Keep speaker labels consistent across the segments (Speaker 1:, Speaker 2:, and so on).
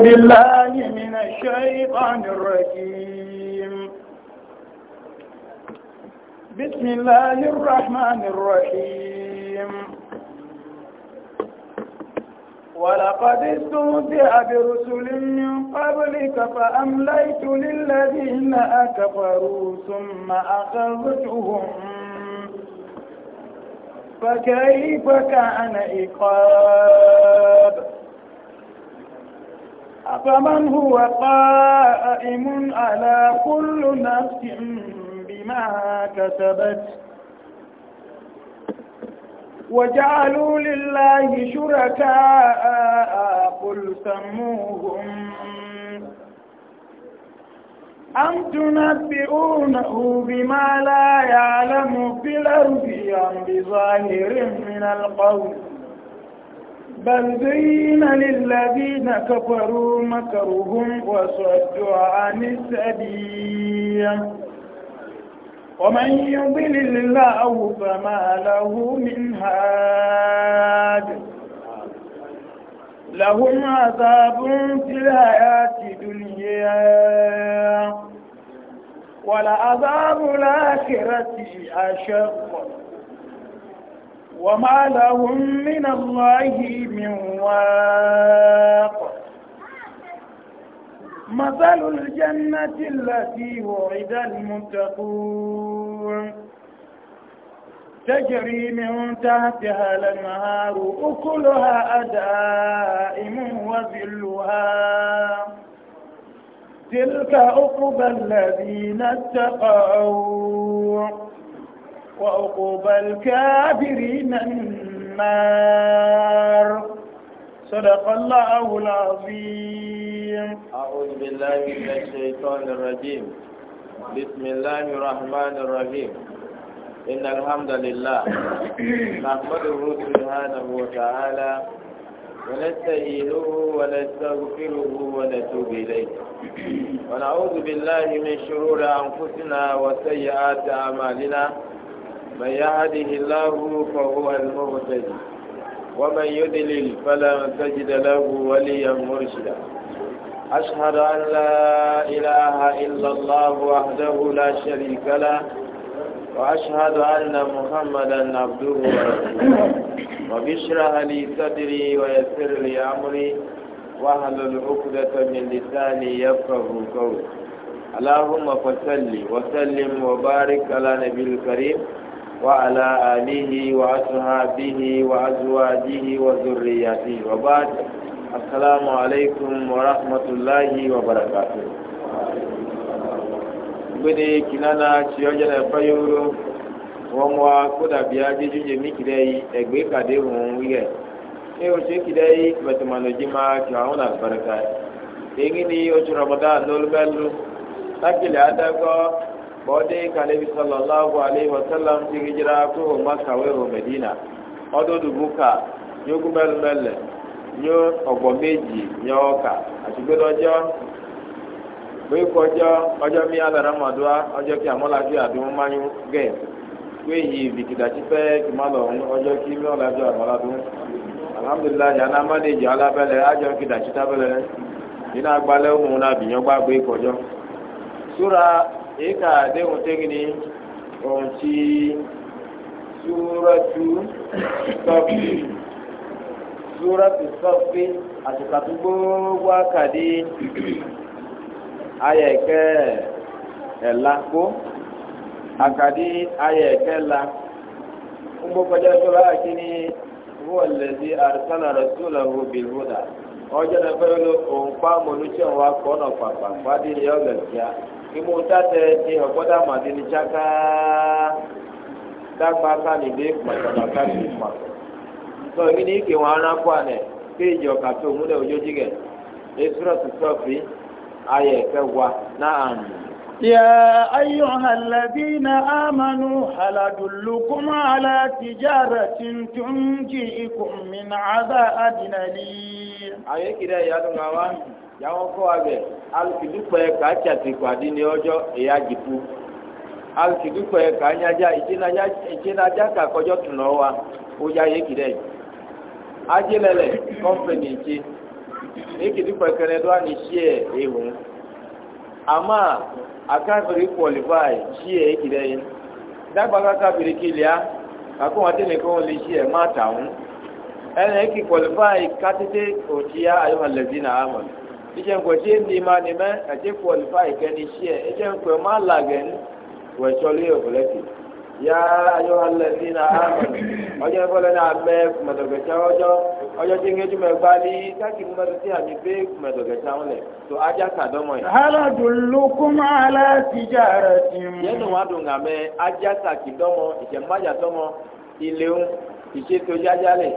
Speaker 1: بالله من الشيطان الرجيم بسم الله الرحمن الرحيم ولقد استهزئ برسل من قبلك فأمليت للذين أكفروا ثم أخذتهم فكيف كان إقاب أفمن هو قائم على كل نفس بما كسبت وجعلوا لله شركاء قل سموهم أم تنبئونه بما لا يعلم في الأرض أم بظاهر من القول بل زين للذين كفروا مكرهم وصدوا عن السبيل ومن يضلل الله فما له من هاد لهم عذاب في الحياة الدنيا ولعذاب الآخرة أشق وما لهم من الله من واق مثل الجنة التي وعد المتقون تجري من تحتها الانهار أكلها أدائم وذلها تلك عقبى الذين اتقوا وعقوب الكافرين النار صدق الله العظيم أعوذ بالله من الشيطان الرجيم بسم الله الرحمن الرحيم إن الحمد لله نحمده سبحانه وتعالى ونستهيله ونستغفره ونتوب إليه ونعوذ بالله من شرور أنفسنا وسيئات أعمالنا من يهده الله فهو المهتد ومن يدلل فلا تجد له وليا مرشدا أشهد أن لا إله إلا الله وحده لا شريك له وأشهد أن محمدا عبده ورسوله وبشرح لي صدري ويسر لي أمري وأهل العقدة من لساني يفقه قولي اللهم فصل وسلم وبارك على نبي الكريم وعلى آله وأصحابه وأزواجه وذريته وبعد السلام عليكم ورحمة الله وبركاته gbede kinana tiyɔdze le ƒe yoro wɔmɔa kodabia dzedzudze mi ki ɖe yi egbe kaɖe hɔn yɛ eye wotso ki ɖe yi kpɛtɛmanodzi ma tsyɔ awon na barika eyi ni wotso rɔbɔda lolo bɛ lu takele adagbɔ bọ́dé kàlẹ́bí sọlọ́láhu aleyhi wasalam ti hijira kó o ma nyo medina ọdún dùbú ka nyó gúmẹ́lúmẹ́lẹ̀ nyó ọ̀gbọ̀n méjì nyó ọkà àtúgbẹ́lọ́jọ́ ọjọ ọjọ́ mi alàràmàdúrà ọjọ́ kí amọ́lájú àdúró máyú gẹ̀ pẹ́ ọ̀hún ọjọ́ kí àmọ́ládún alhamdulilayi nínú gbàgbé kọjọ́ ìka àdéhùn tẹ́gìnì ohun tí súrọ́tù sọ́ọ̀fì súrọ́tù sọ́ọ̀fì àtìkàtú gbogbo àkàdé ayẹ̀kẹ́ ẹ̀la kó àkàdé ayẹ̀kẹ́ la gbogbogbòjẹ́ sọ́ra kìíní wọ́n lè di àrísánà rẹ̀ sùlọ̀ wò bí wúdà ọjọ́ náà fẹ́ẹ́ lo pàpà imo tate ti ọgbọdọ amadini tsaka dagba ni ike wọn ana kó anẹ kéèjì ọkà tó gẹ esrọ tutọ fi ayẹ kẹwa náà nù. يا أيها الذين آمنوا هل أدلكم على تجارة تنجيكم من عذاب أليم. أيها كده يا يا alùpùpù kàtsàtìkù àdínní ọjọ́ èyà jìpù alùpùpù kànyájà ìtsinadza kàkọjọ́ tùnọ̀ wa ọjà yékì dẹ̀ adzilẹ̀lẹ̀ kọ́mpẹ̀nì ìtsi ekidukpɛ kɛnɛ do ani tsie ehu ama akabiri kɔlifai tsie eki dɛ yi dagba kakabiri kilia kakɔ wɔn ma eki iṣẹ́ nǹkan ṣe ń di ma ni mẹ́ ẹ̀jẹ̀ qualify kẹ́ni ṣí ẹ̀ iṣẹ́ nǹkan má làgẹ̀ ní wẹ̀ṣọ́lé ọ̀fọ̀lẹ́tì yá ayọ́ alẹ́ sí iná àmọ́ ọjọ́ ìfọ́lẹ́ náà mẹ́ mẹ̀tọ̀gẹ̀ṣẹ́ ọjọ́ ọjọ́ tí ń gẹ́jú mẹ́ gbá ní káàkiri ní àmì pé mẹ̀tọ̀gẹ̀ṣẹ́ àwọn lẹ̀ tó ajá kàdọ́mọ̀ yìí. aládùnlókun alátìjà rẹ̀ ti mú. yẹnu wa dùn àmẹ ajá kàkìdọ́mọ ìjẹ̀májàdọ́mọ ìléun ìṣètò jájálẹ̀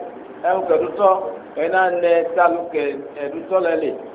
Speaker 1: ẹ̀hún kẹ̀dútọ́ ẹ̀ náà nẹ talùkẹ̀ ẹ̀dútọ́ lẹ́lẹ̀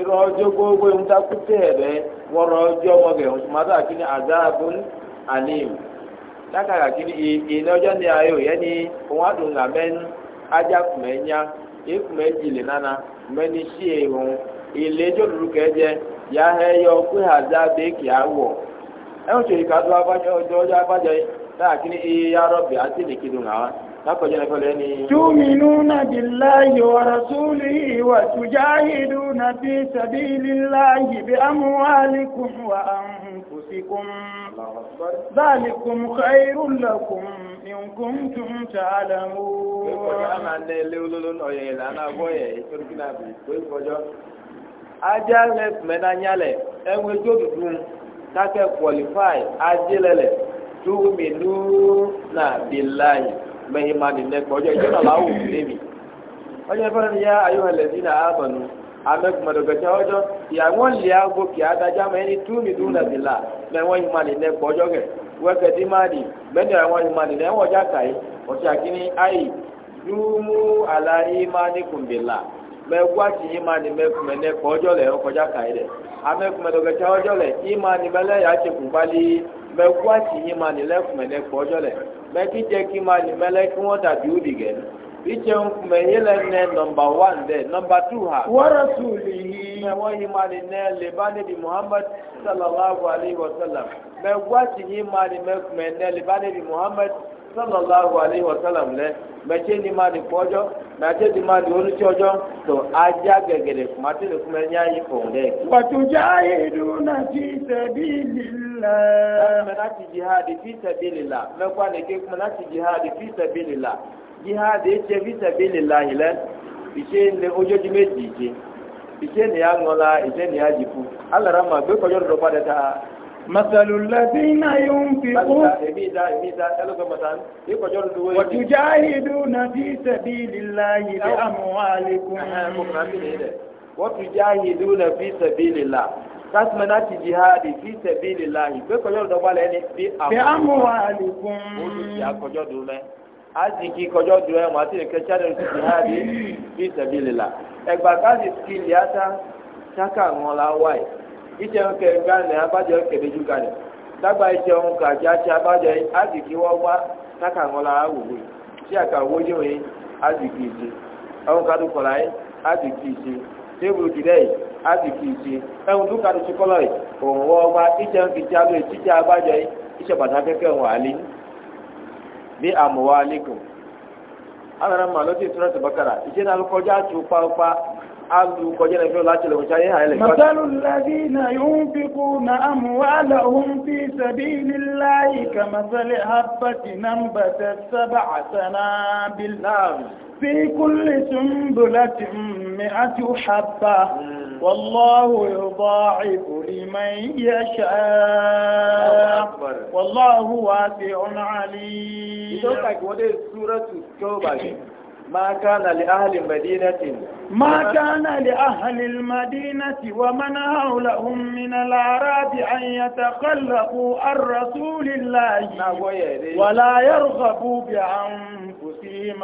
Speaker 1: irọ́ ọjọ́ gbogbo ń takùtẹ̀ rẹ wọ́rọ̀ ọjọ́ mọ̀gẹ̀ ọ̀túnmọ́tò àkíní àdáàbùn àlìm lákàrà kíní ìní ọjọ́ ní ayò yẹn ni òun àdùn ńlá ajá kùmẹ̀ ń yá nana kùmẹ̀ ní sí ehun ilé jòlùlù kẹjẹ yà hẹ yọ abájọ yìí iye àti تؤمنون بالله ورسوله وتجاهدون في سبيل الله بأموالكم
Speaker 2: وأنفسكم
Speaker 1: ذلكم خير لكم إن كنتم تعلمون ajalẹ mẹnanyalẹ ẹnwẹjọ dudu kakẹ kwalifai ajalẹlẹ tuminuna bilayi mẹ́yìn máa nì nẹ́kọ̀ ọjọ́ ìjọba láwù lémi onye ìfẹ́ ni yá ayọ́ ẹlẹ́sì náà àbọ̀nù amẹ́kùnmọ́dọ̀gẹ́tẹ́ ọjọ́ ìyàwó lè aago kì í adájá mẹ́ni túmí dúnlẹ̀dìlà mẹ́wọ́n yìí máa nì nẹ́kọ̀ ọjọ́ kẹ̀ wẹ́kẹ̀ dí máa yìí máa nì nẹ́wọ̀n ọjà kàí yìí mɛ kó àti yín ma ní lẹ́kùnmẹ́ ní kpọ́jọ́ lẹ̀ mɛ kí jẹ́ kí ma ní mẹ́lẹ́ kí wọ́n dàbí ó dì gẹ̀ bí jẹ́ nkùmẹ́ yé lẹ́ nẹ nọmba wán dẹ̀ nọmba tù hà. wọ́rọ̀ tù lì yí. mɛ wọ́n yín ma ní nẹ leba ní di muhammad sallallahu alayhi wa sallam mɛ kó àti yín ma ní mẹ́kùmẹ́ nẹ leba ní di muhammad sallallahu alayhi wa sallam lɛ mɛ tse ni ma ní kpɔjɔ mɛ tse ni ma ní onutsɔjɔ tó ajá gɛgɛdɛ kùmà tẹ̀lé kùmẹ́ nyá yí fòun dɛ. wàtúndé ayé dùn náà ti sẹ́bi sabilillah manati jihadi fi sabilillah mekwa ne ke manati jihadi fi sabilillah fi sabilillah kásìmẹ́ láti jihadi fi tẹ̀bí lìláyì pé kọjọ́ dọ́gba eni ní bí àmúwà àlùkùn. olùsí akọjọ́ dùn mẹ́ aziki kọjọ́ dùn ẹ̀ wọ́n àti jihadi fi tẹ̀bí lìlá. ẹgbà káàdì kí ilé ata ṣáká wọn la wá yìí. ìjẹun kẹ gánà abájọ kẹlẹ ju gánà. dágbà ìjẹun aziki la ka aziki tebulu kìdẹ́ yìí azi sì fi ìṣe ẹ̀hún dúkà ní sukọ́lọ̀ yìí òun wọ ọgbà tíjẹ́ ń fi ti alóye tíjẹ́ abájọ yìí iṣẹ́ pàtàkì kẹ́kẹ́ wọn àlẹ́ aliko àmọ̀wá alẹ́kùn. ti alu kɔjɛ na fɛn lati lɔn caye hayɛlɛ. masalu ladina yunfiku na amuwala hunfi sabili layi ka masali habati nambata saba asana bila. في كل سنبلة مئة حبة والله يضاعف لمن يشاء والله واسع عليم. ما كان لأهل المدينة ما كان لأهل المدينة ومن حولهم من الأعراب أن يتخلقوا عن رسول الله نعم، ولا يرغبوا بعنه الرجيم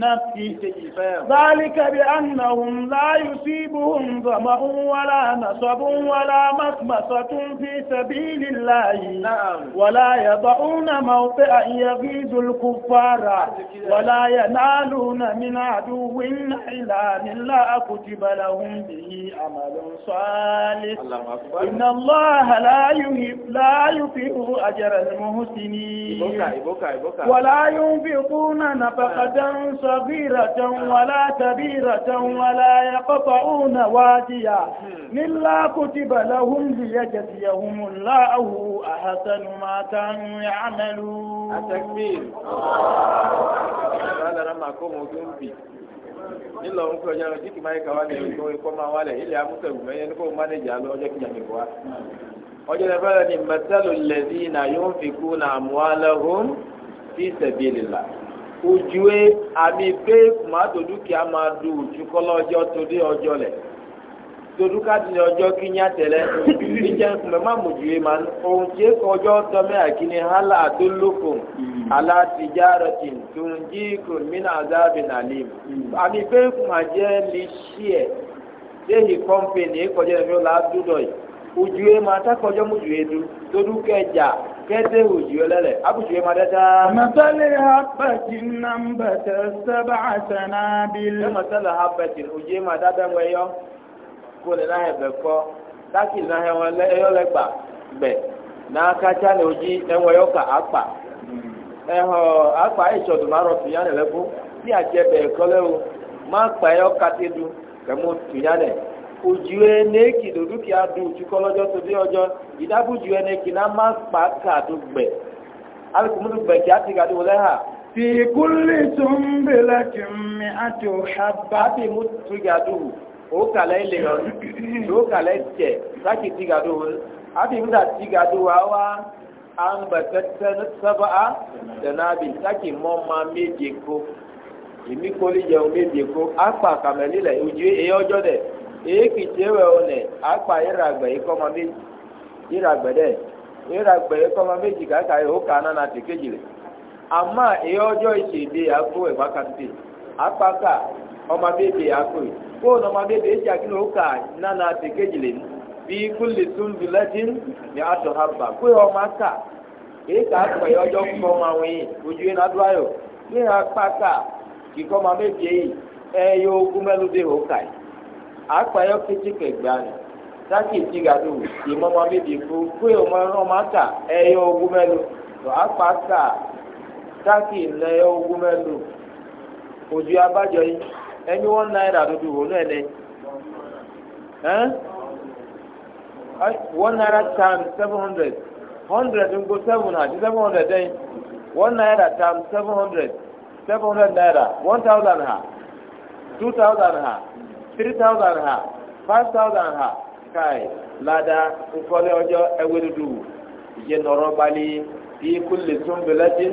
Speaker 1: عن ذلك بأنهم لا يصيبهم ظمأ ولا نصب ولا مخمصة في سبيل الله نعم. ولا يضعون موطئا يغيظ الكفار ولا ينالون من عدو نحلا إلا كتب لهم به عمل صالح إن الله لا يهب لا يطيع أجر المحسنين ولا ينفقون نفسا نفقة صغيرة ولا كبيرة ولا يقطعون واديا إلا كتب لهم ليجزيهم الله أحسن ما كانوا يعملون التكبير هذا لما كومو جنبي nílò ń kọjá lọ títí máa kà wá ní ìlú ikọ́ máa wálẹ̀ ilẹ̀ amúsẹ̀gùn mẹ́yẹn ní kó mánéjà lọ ọjọ́ kìjà mi wá. ọjọ́ ní fẹ́rẹ̀ ni mẹ́tẹ́lù lẹ́dí náà yóò fi kú náà mú alẹ́ hóm sí sẹ̀bílì là. ojúwe àmì pé màtò dúkìá máa du ojú kọ́lọ́ ọjọ́ torí ọjọ́ lẹ̀ torí káàdìní ọjọ́ kí ní àtẹ̀lẹ́ ìjẹ́ ìpínlẹ̀ má mòjúwe máa ma ohun tí é kọ́ ọjọ́ tọ́mẹ́ àkíní hálà tó lókun aláàtijá rọ̀tìn tó ń jí kùn mínà azáàbì nàlẹ́ àmì pé màá lè ṣí ẹ̀ déyìí yìí máa tákọjọ́ du kẹjà kẹ́tẹ́ òjì ọlẹ́lẹ̀ abùsù yẹn máa dẹ́ta. mọ̀tálẹ̀ abẹ́tì nàmbẹ̀tẹ̀ sábà àtẹnà bílẹ̀. ẹ mọ̀tálẹ̀ abẹ́tì òjì yẹn máa dábẹ́ ń wẹ̀yọ́ kó lè náà ẹ̀bẹ̀ kọ́ dákì náà ẹ̀wọ̀n ẹ̀yọ́ bẹ̀ náà òjì ẹ̀wọ̀n ẹ̀yọ́ kà ápà ẹ̀họ̀ ápà tìyànlẹ̀ lẹ́kọ́ àjẹbẹ̀ ẹ̀kọ́ lẹ́wọ̀ pààyọ́ kàtẹ́dù kẹ́mú tìyànlẹ̀ ojú ẹ n'eki do dúkìá do otsukɔlɔdzɔ tó dé ɔdzɔ ìdábò ju ẹ n'eki n'ama kpa ka do alùpùpù do kí ati ka do wọlé ha. fi kúlì tó ń bèlè kí mi àti òhàbà. o kàlẹ́ ilé yọ o kàlẹ́ tẹ̀ sákì tìga wọlé ta wa wá sábà á dẹ̀nà sákì mọ́ méje kó èmi jẹun méje kó akpa kàmẹ́lì lẹ̀ ojú èyíkì tí ewé ọ̀nà àpà ìràgbẹ̀ ikọ́mọ méjì ìràgbẹ̀ dẹ̀ ìràgbẹ̀ ikọ́mọ méjì kàkà ìhókà nánà ka kéjì rẹ̀ àmà èyí ọjọ́ ìṣèdè àgbo ẹ̀fà kàtìtì àpàkà ọmọ bèbè àgbo yìí fóònù ọmọ bèbè ìjà kí ló kà kéjì rẹ̀ bí kúlì tún bí lẹ́tìn ní àtọ̀ pé ọmọ kà èyí kà ọjọ́ kọ́ akpa akpayɔ keteke gbani saki ti ga do yi di fu kue o ma rɔ ma ta akpa ta saki nɛ yɔ ogu mɛlu ojú abájọ yìí ɛnyɛ wọn náírà dodo wò lɛ ɛn one naira times seven hundred hundred ŋgo seven àti seven hundred dɛ eh? one naira times seven hundred naira one ha two ha. Three thousand ha five thousand ha kai lada nkɔlɛ ɔjɔ ɛwɛ dudu ìyẹn nɔrɔ gbali fi kúlẹ̀ tún bẹ̀lẹ́tìn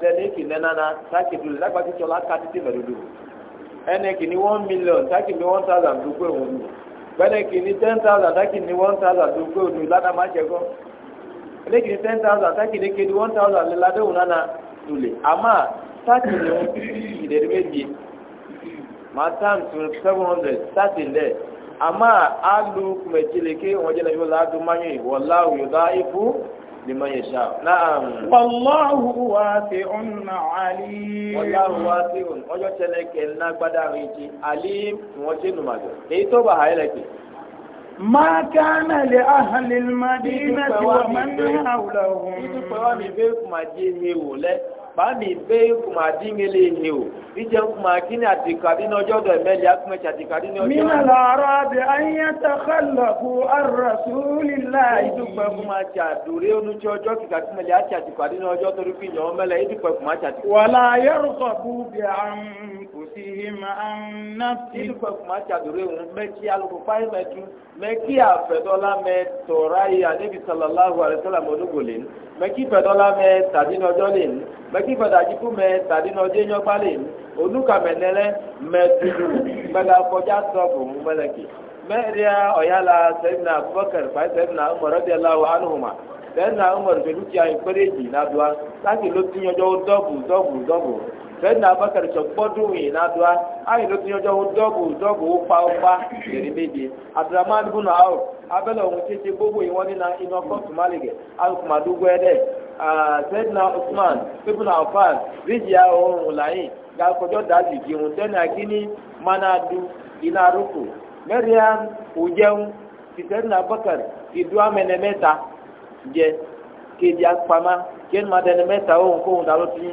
Speaker 1: tẹni kì nẹnana táàkì dùn lágbàtí tí ọlá ká títí mẹdodo ẹnì kì ní one million táàkì ní one thousand dùn pé òun dùn gbẹdẹ kì ní ten thousand táàkì ní one thousand dùn pé òun kì ní ten thousand táàkì ní kéde one thousand nana àmà táàkì ní méje tán tún seven لمن يشاء نعم والله واسع عليم والله واسع ọjọ́ tẹ́lẹ̀ kẹ́ ńlá gbádàá rìjì alim wọ́n ṣe nùmàdùn èyí tó bá àyẹ̀lẹ̀kẹ́. ما كان لأهل المدينة ومن حولهم báàmì gbé kùmà díngelé ni o ìjẹ kùmà kíní àti kàdínà ọjọ́ ọ̀dọ̀ ẹ̀mẹ́lì akúmẹ̀tì àti kàdínà ọjọ́ ọ̀dọ̀. mina lọ́rọ́ bí ayé takalaku arasulila yìí. ìdúpẹ́ kùmà tí a dòrè onútsẹ́ ọjọ́ kíkà tí mẹ́lì àti àti kàdínà ọjọ́ torí fi yàn ọ́ mẹ́lẹ̀ ìdúpẹ́ kùmà tí a ti. wàlá yẹ́rù kọ̀ bú bí a أنفسهم عن نفسهم إذا كما تدرون مكي الكفاية مكي مكي أفدولا متوراي النبي صلى الله عليه وسلم ونقولين مكي فدولا متادين وجولين meki fadajiku mɛ tadi na ɔdze nyɔ kpali onu kame ne lɛ mɛ tutu fẹ́ẹ́nà abakarijan gbọ́dún yìí n'adúrà ayin ló ti yànjọ́ wọn dọ́gù dọ́gù wópa wópa lèrè méje abdulhamid bùnà áwò abẹ́lẹ̀ ọ̀hún títí gbogbo yìí nínú iná kọ́ọ̀tù ẹ̀dẹ̀ usman ríjì gàkọjọ́ dájú manadu iná òjẹun ìdú jẹ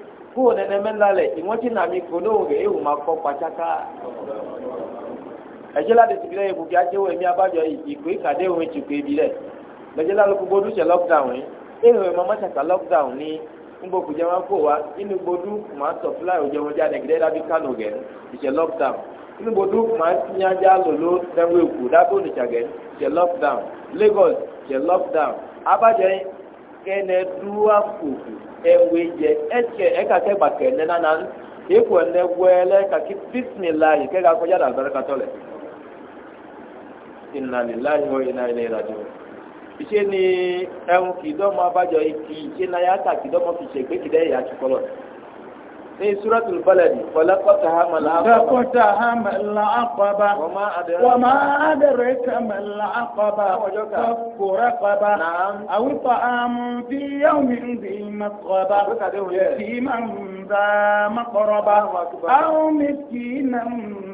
Speaker 1: kúrò nẹnẹ mẹ́ta lẹ̀ ìwọ́n tí nàmi kò lóhùn rẹ̀ èèwù máa kọ́ pàtàkà. ẹ̀jẹ̀ láti ti bílẹ̀ ìbùkún ajéwò ẹ̀mí abájọ ìpè kàdé òun ìtùkù ibi láti gbogbo lockdown yìí ẹ̀ máa lockdown ní ngbòkú jẹ́ kó wa inú gbodú máa sọ fúláì òjò wọn jáde gẹ́gẹ́ dábí kánò gẹ̀ lockdown inú máa dábò lockdown lagos lockdown kene dua fufu eweje eke eka ke bake na nanan eko ne gwele ka ki bismillah ke ga ko yada albaraka tole inna lillahi wa inna ilaihi raji'un ise ni ewu ehun kidomo abajo iki ise na ya ta kidomo fi se pe kide ya ti kolo في سورة البلد ولقد هامل العقبة وما أدرك ما العقبة فك رقبة نعم. أو طعام في يوم ذي مطربة في من ذا مقربة أو مسكينا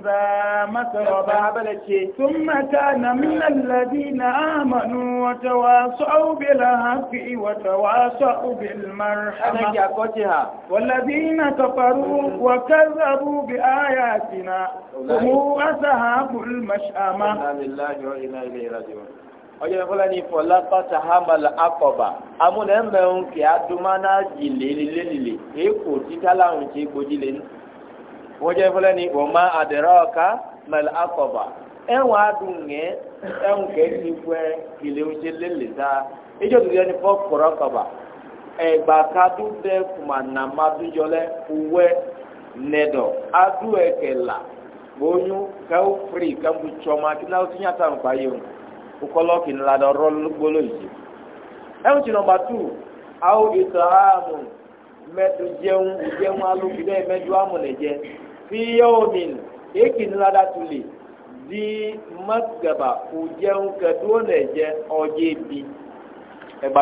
Speaker 1: ذا مسربة ثم كان من الذين آمنوا وتواصوا بالحق وتواصوا بالمرحمة والذين تقوا كفروا وكذبوا بآياتنا هم أصحاب المشأمة إنا لله وإنا إليه ala ọjọ́ ìfọ́lá ní ìfọ̀lá pátá hamala akọba amúnẹ́mẹ̀rún kì o akọba ẹ̀wọ̀n adùnkẹ́ ẹ̀wọ̀n kẹ́ẹ́ ti fún ẹ kìlẹ̀ ń ṣe lélẹ̀ dáa ìjọ́ tó yẹ ní fọ́ kọ̀rọ̀ kọba. ẹgbà kadú dẹ kùmà nàmàdújọlẹ uwẹ nẹdọ adú ẹkẹlà gbóyún kẹwù firi kẹwù tsọmọ akínà ọtí nyàtà nípa yìí o kọlọ kìnnì la dọ rọ gbóló yìí ẹwù tì nọmba tù awo ìtọ àmù mẹtò jẹun jẹun alóbi dẹ mẹtò àmù nìjẹ fi èkìnnì la dà tù lè di jẹun kẹtù nìjẹ bi ẹgbà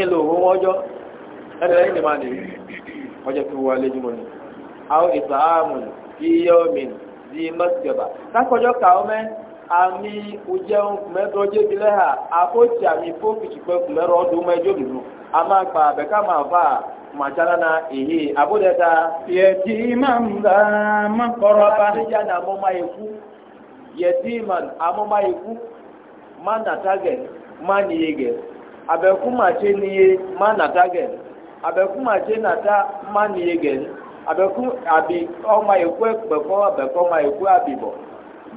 Speaker 1: ìlò owó ọjọ́ ẹni lẹ́yìn ìmọ̀ àdìrí ọjọ́ tó wà lẹ́jùmọ̀ àwọn di mọ́síkẹ̀bà lákọjọ́ àmì ojẹun kùmẹ́tọ́ jẹ́bi lẹ́hà ha àmì fófìtì pẹ́ kùmẹ́rọ̀ ọdún mẹ́jọ́ dùdú a máa gba àbẹ̀ká máa fà á na èyí àbúdẹ́ta. yẹtí máa ń bá má kọ́rọ́ bá. àmọ́ máa yẹtí máa àmọ́ máa má abekumache niye ma nata gen abekumache nata ma niye gen abeku abi ọma ekwe kpekọ abekọ ma ekwe abibọ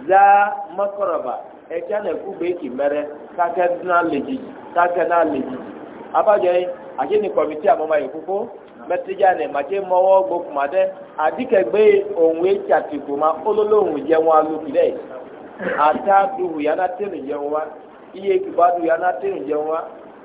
Speaker 1: zaa mọkọrọba ẹkya na ekwu bee ki mere kake na lejiji kake na lejiji abajọ yi ake ni kọmiti amama ekwu mẹtẹjà ni màtí mọwọ gbókùnmá dẹ àdìkẹgbẹ òun ètsàtìkù ma olólò òun jẹun alùpùpù dẹ àtàdùhù yàrá tẹnu jẹun wa iye kìbá ya yàrá tẹnu jẹun wa.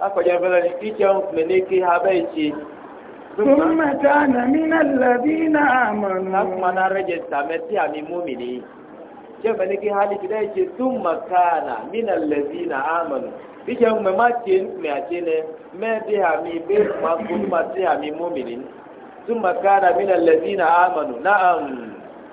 Speaker 1: akọjá fẹlẹ ní kíjọ ń pè ní kí abẹ ìṣe. Súnmọ́ ta nà mí nà lẹ́bí nà àmọ̀nù. Lákùnmá náà rẹ̀jẹ̀ sàmẹ́ tí àmì mú mi ní. Ṣé fẹ́ ní kí hali ti dẹ́ ṣe súnmọ́ ta nà mí nà lẹ́bí amanu. àmọ̀nù? Kíjọ ń pè má ṣe ń pè àṣẹ nẹ mẹ́ẹ̀dì àmì bẹ́ máa kó ní ma ṣe àmì mú mi ní. Súnmọ́ ta nà mí nà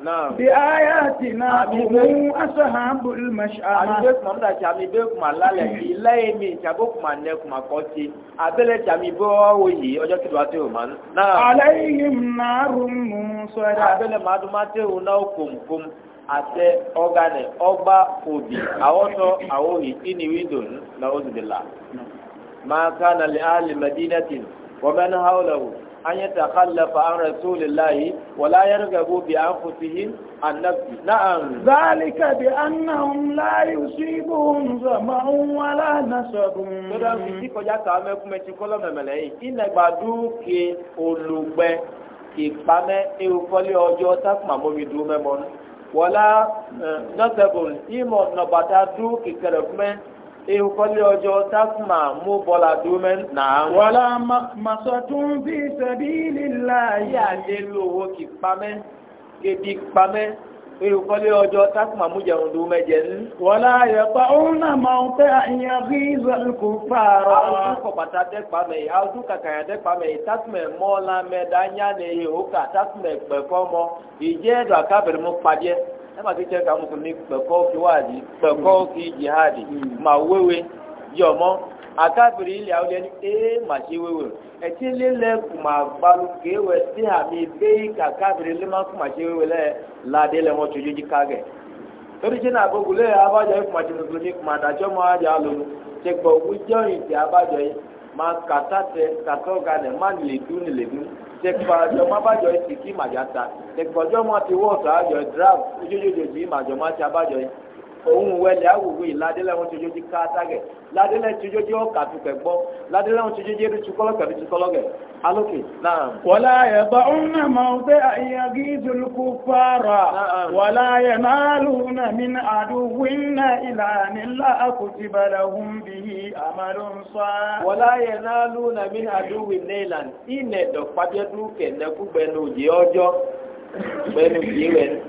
Speaker 1: bi ayatina mu ashabul mash'ama abe kuma da chami be kuma lale ile mi chabo kuma ne kuma koti abele chami bo oyi ojo ki wa te o man na alaihim narum musara abele maduma te o na okumkum ate ogane ogba obi awoto awohi ini widon na uzbillah ma kana li ahli madinatin wa man hawlahu an ya takhallafa an rasulillahi wala yargabu bi anfusihim an nafsi na'am zalika bi annahum la yusibuhum zama'un wala nasabun to da fi ti kọjá ka me kuma ti kolo memele yi ina gbadu ke olugbe ipame ewu kole ọjọ́ takuma mo mi du memon wala nasabun imo nobata du kikere kuma ìkọlẹ̀ ọjọ́ tákùmà mú bọ́lá dúmẹ́ náà. wàlá màsọ̀ tún fi sẹ́bí lílá yìí. àlè lówó kì pamẹ́ kébi pamẹ́ ìkọlẹ̀ ọjọ́ tákùmà mú jẹun dúmẹ́ jẹ ní. wàlá yẹpa òun náà máa ń tẹ àyàn bí ìzọlùkù fààrọ̀. àwọn kò bàtà tẹ pamẹ́ yìí àwọn kàkàyà tẹ pamẹ́ yìí tákùmẹ̀ mọ́ọ́lá mẹ́ta yánni ìhókà tákùmẹ̀ pẹ̀fọ́mọ ẹ̀ma ti jẹ́ ká mú ma wewe pẹ̀kọ́ kí wáàdì ili kí jihadi mà hmm. wéwe yọ̀mọ́ akábìrì ilẹ̀ àwọn ẹni ee mà ṣe wéwe ẹtí lílẹ̀ kùmà gbalùkè wẹ̀ sí àmì bẹ́ẹ̀ ma lè má kùmà ṣe wéwe lẹ̀ ládé lẹ̀ wọ́n gbogbo tẹ tẹkpa jọmọ abajọ esi kí màjàta tẹkpa jọmọ ti wọ́ọ̀tù àjọ drab ojoojoojú ìmàjọmọ àti abajọ yìí òun wẹlẹ̀ awùwé ládélẹ̀ wọn tsojú di ká tágẹ̀ ládélẹ̀ tsojú di ọ̀kàtúkẹ̀ gbọ́ ládélẹ̀ wọn tsojú di ẹ̀dùtúkọ́lọ́kẹ̀ ẹ̀dùtúkọ́lọ́kẹ̀ alókè náà. wọ́lá ẹ̀bá ọ̀nà mọ̀ọ́fẹ́ àyàgí ìzòlùkú fara wọ́lá ẹ̀ máa lùnà min àdúwìnà ìlànìlá àkùtìbàlà hùn bí i àmàrùn sọ. wọ́lá ẹ̀ náà lùnà min àdúwìnà ìlànìlá ìnẹ̀dọ̀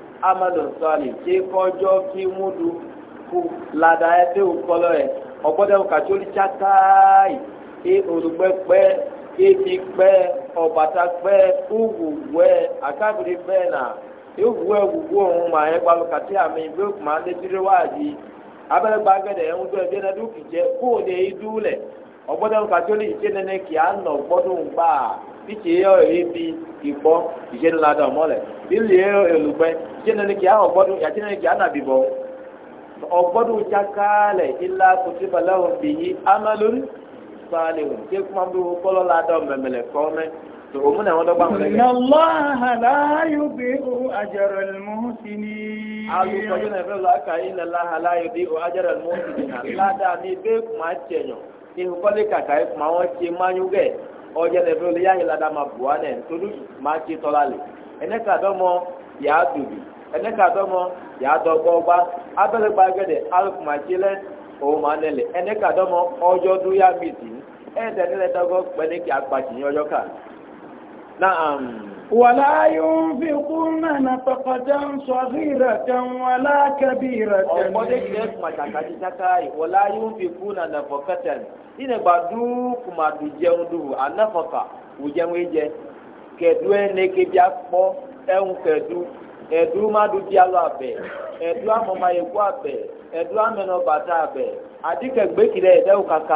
Speaker 1: amadu sọọni tí kọjọ kí múdu kú lada ẹtẹ òkọlọ yẹ ọgbọdọ katsoli tsakaayi kí olùgbẹ pẹ kéèdì pẹ ọbàtà pẹ ugu pẹ nà ewu ẹwùwú òun mà ẹ gbalọ kàtí àmì ìgbé kùmà létírí wáàdì abẹ́rẹ́gba gẹ́dẹ̀ ẹ̀ ń dún ẹbí ẹ̀dá kóòdì nẹ́nẹ́ kì á iche yo ebi ikpɔ itse ni la da mɔ lɛ ili yɛ elugbɛ itse ni kia ni kia anabibɔ ɔgbɔdu tsaka lɛ ila kutiba lɛ obiyi amalori saali o te kuma bi wo kɔlɔ la da mɛmɛ lɛ kɔmɛ to o mu na wɔn dɔgba wɔlɛ kɛ. nalaha la yu bi o ajarɔl musini. alu kɔjú na fɛn la ka ina laha la yu bi o ajarɔl musini na lada mi bɛ kuma tiɲɛ nyɔ ihun kɔli kaka ye kuma wɔn tiɲɛ manyu gɛ ọjọ́ tẹ̀fẹ́ olè yáyẹ lada ma bù wá nẹ̀ nítorí máa tsi tọ́lá lè ẹnẹ́ka bẹ́ mọ́ yà á dòbi ẹnẹ́ka bẹ́ ya yà á dọ́gbọ́ gbá abẹ́lẹ́ gba gẹ́dẹ̀ alùpùpù máa tsi lẹ́ òun máa nẹ̀ lẹ̀ ẹnẹ́ka bẹ́ mọ́ ọjọ́ dúyà mìtì ẹ̀ẹ́dẹ̀ nílẹ̀ dọ́gbọ́ pẹ́ نعم ولا ينفقون نفقة صغيرة ولا كبيرة ولا ينفقون نفقة ina gbadu kuma du jẹun du anafọka o jẹun jẹ kẹdu ẹnẹkẹ bi akpọ ẹhun kẹdu ẹdu ma du bi alọ abẹ ẹdu amọma yẹ abẹ ẹdu amẹnọ bàtà abẹ adikẹgbẹ kiri ẹdẹwò kaka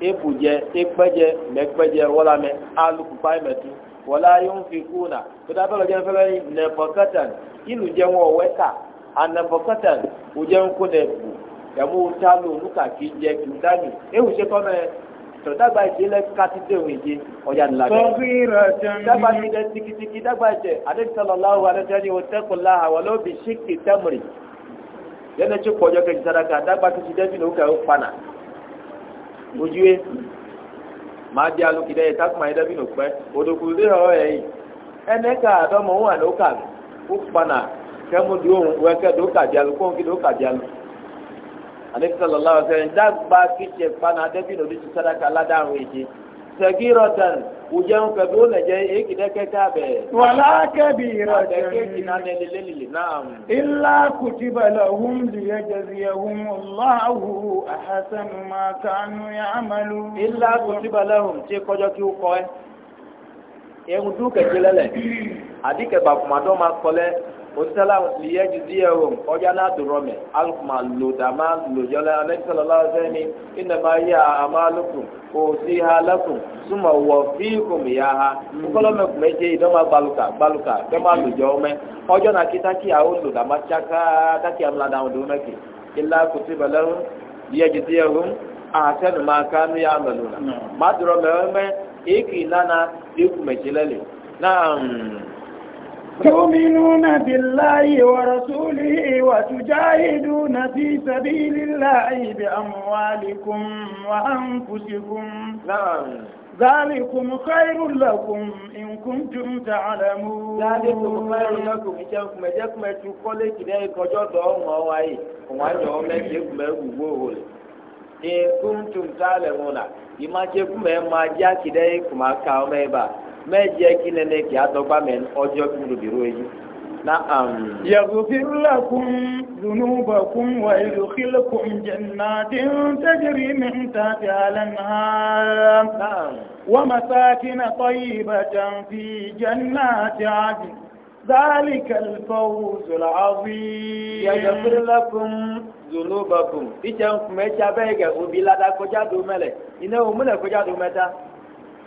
Speaker 1: ekpujɛ ekpɛjɛ mɛkpɛjɛ wala mɛ alukpa yi mɛtu wala yɔn fi kuna kuta fɛlɛ jɛn fɛlɛ yi nɛfɔ katan ilu jɛn wɔ wɛta anɛfɔ katan o jɛn ko nɛ bu yamu talu nu ka ki jɛ kuta mi ewu se kɔmɛ tɔdagba yi se lɛ kati denw yi je ɔya ni labɛn dagba yi lɛ tikitiki dagba yi sɛ ale sɔlɔlawo ale sɛni o tɛkola awalɛ o bi si ki tɛmuri yɛnɛ tsi kɔjɔ kɛ sadaka dagba ti si dɛbi na o kɛ o fana. ojúwe maa di alùpùpù yẹn takuma yẹn dẹbi n'okpẹ odòkùnrin lè hàn yẹn yìí ẹnẹ ká àdọmọ òun àná òkà òkpànà kẹmu di òun wẹ kẹ dòkà di alu kóhùn kí dòkà di lọlá ọsẹ dàgbà kìtsẹ sadaka ujan ka dole je e eh, kida ka ta be wala kabira da ke kina ne lelele na'am illa kutiba lahum li yajziyahum Allahu ahsan ma kanu ya'malu illa kutiba lahum ce ko jo ki ko e eh. e ndu ke jelele adike ba kuma do ma kole osala liye jiziya wo ọjà náà dùrọ mẹ alùpùpù ọzọ lòjọlẹ anẹsọlọ lọsẹni ìnàmà yẹ àmàlùkùn òsì ha lẹkùn súnmọ wọ fíìkùn yà ha nkọlọmẹ mm. kùmẹ jẹ ìdánwà gbalùkà gbalùkà kẹmà lòjọ mẹ ọjọ náà kí تؤمنون بالله ورسوله وتجاهدون في سبيل الله بأموالكم وأنفسكم نعم ذلكم خير لكم إن كنتم تعلمون ذلكم خير لكم إن كنتم جاكم تقولي كده كجو دوم هواي وانجو مجيكم
Speaker 2: بغوغول
Speaker 1: إن كنتم تعلمون إما جاكم ما جاكده كما كاومي با mẹ́jẹ kí nene kí adọ́gba mẹ́ ọjọ́ kí ló bìrù yìí. يغفر لكم ذنوبكم ويدخلكم جنات تجري من تحتها الانهار ومساكن طيبة في جنات عدن ذلك الفوز العظيم يغفر لكم ذنوبكم إيش أنكم إيش أبيك أبي لا تكوجا دومله إنه من كوجا دومتا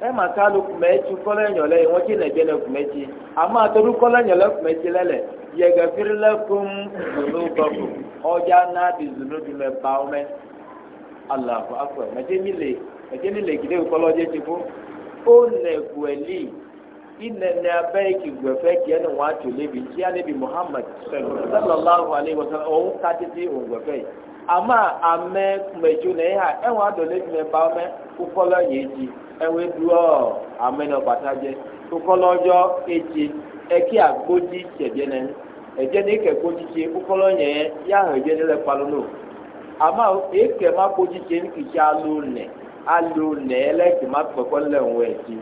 Speaker 1: ema ka alụ kumechi enyole, nyole nwoke na-eje na kumechi ama atọrụ kọla nyole kumechi lele yegafirila kum zunu kọfụ ọja na adị zunu dị mepa ume allahu akwa meche nile meche nile gide kọla ọjọ chukwu o nekweli inene abe ki gwefe ki ẹni wọn atụ lebi tí a lebi muhammad sallallahu alaihi ame a ẹwé dúọ amẹnọ bàtà jẹ kókọlọjọ etse ẹkí agbódì tsẹdìẹ nẹ ẹdìẹ ní kẹ kódìtse kókọlọ yẹ yà hàn ní lẹ kpalọ nù àmà ẹkẹ má kódìtse ní kìtsẹ alò nẹ alò nẹ lẹ kì má kpẹkọ lẹ ẹtì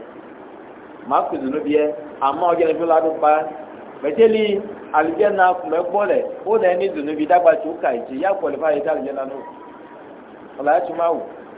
Speaker 1: má la pa mẹtẹlí kùmẹ gbọ lẹ ẹni dùnú dàgbà tó ẹtì yà fà yẹ tẹ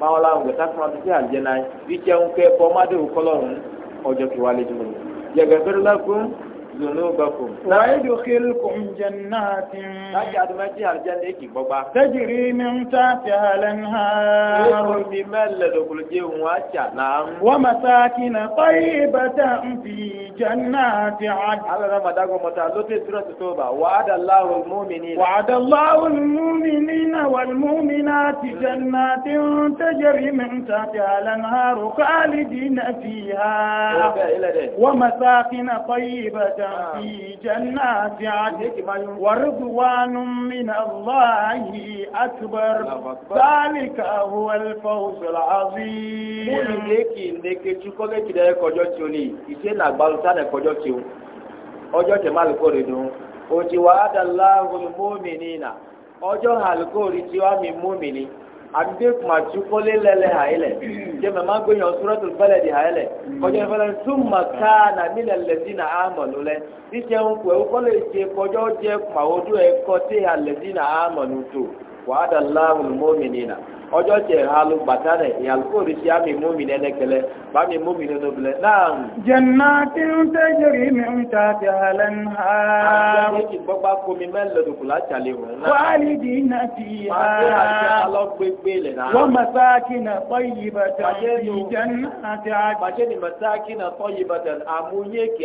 Speaker 1: máa la ŋgbɛ tá kuma tètè àjẹ náà yìí tẹ ń kẹ bọ́ má dé òkọlọ́run ọjọ́ kí wàá lé dùn yẹ̀gẹ̀ fẹ́rẹ́ lẹ́kùn. ذنوبكم ويدخلكم جنات تجري من تحتها الانهار ومساكن طيبة في جنات عدن وعد الله المؤمنين وعد الله المؤمنين والمؤمنات جنات تجري من تحتها الانهار خالدين فيها ومساكن طيبة في جنات عدن من الله أكبر ذلك هو الفوز العظيم ọjọ́ àlùkò rí tí wàá mi mọ́mìnì. ade kuma tsi kɔlé lɛ lɛ lɛ tse mɛ ma gbɛnyɔ suratul fɛlɛ di hayɛ lɛ kɔjɔ fɛlɛ tuma kaa na mi lɛ lɛbi na amɔnu lɛ titse ŋku yɛ kɔlé tse kɔjɔ tse kuma wo do yɛ kɔte alɛbi na amɔnu to wa adalawo mɔmini na. ọjọ́ tẹ alu bàtà rẹ̀ ìyàlùkò rí sí àmì mú mi nẹ́nẹ́ kẹlẹ́ bá mi mú mi nínú bilẹ̀ náà. jẹ̀nà tí ń tẹ́jọ́ rí mi ń ta ti alẹ́ ń ha. àwọn ọmọ ìgbọ́ bá komi mẹ́lẹ̀dùkù lájàlè wọn. wàhálì dì nà fi ha. pàṣẹ àti alọ́gbégbé lẹ̀ náà. wọ́n masáàkì náà tọ́ yìí bàtà fi jẹ́nà àti ni masáàkì náà tọ́ yìí bàtà àmúyé kì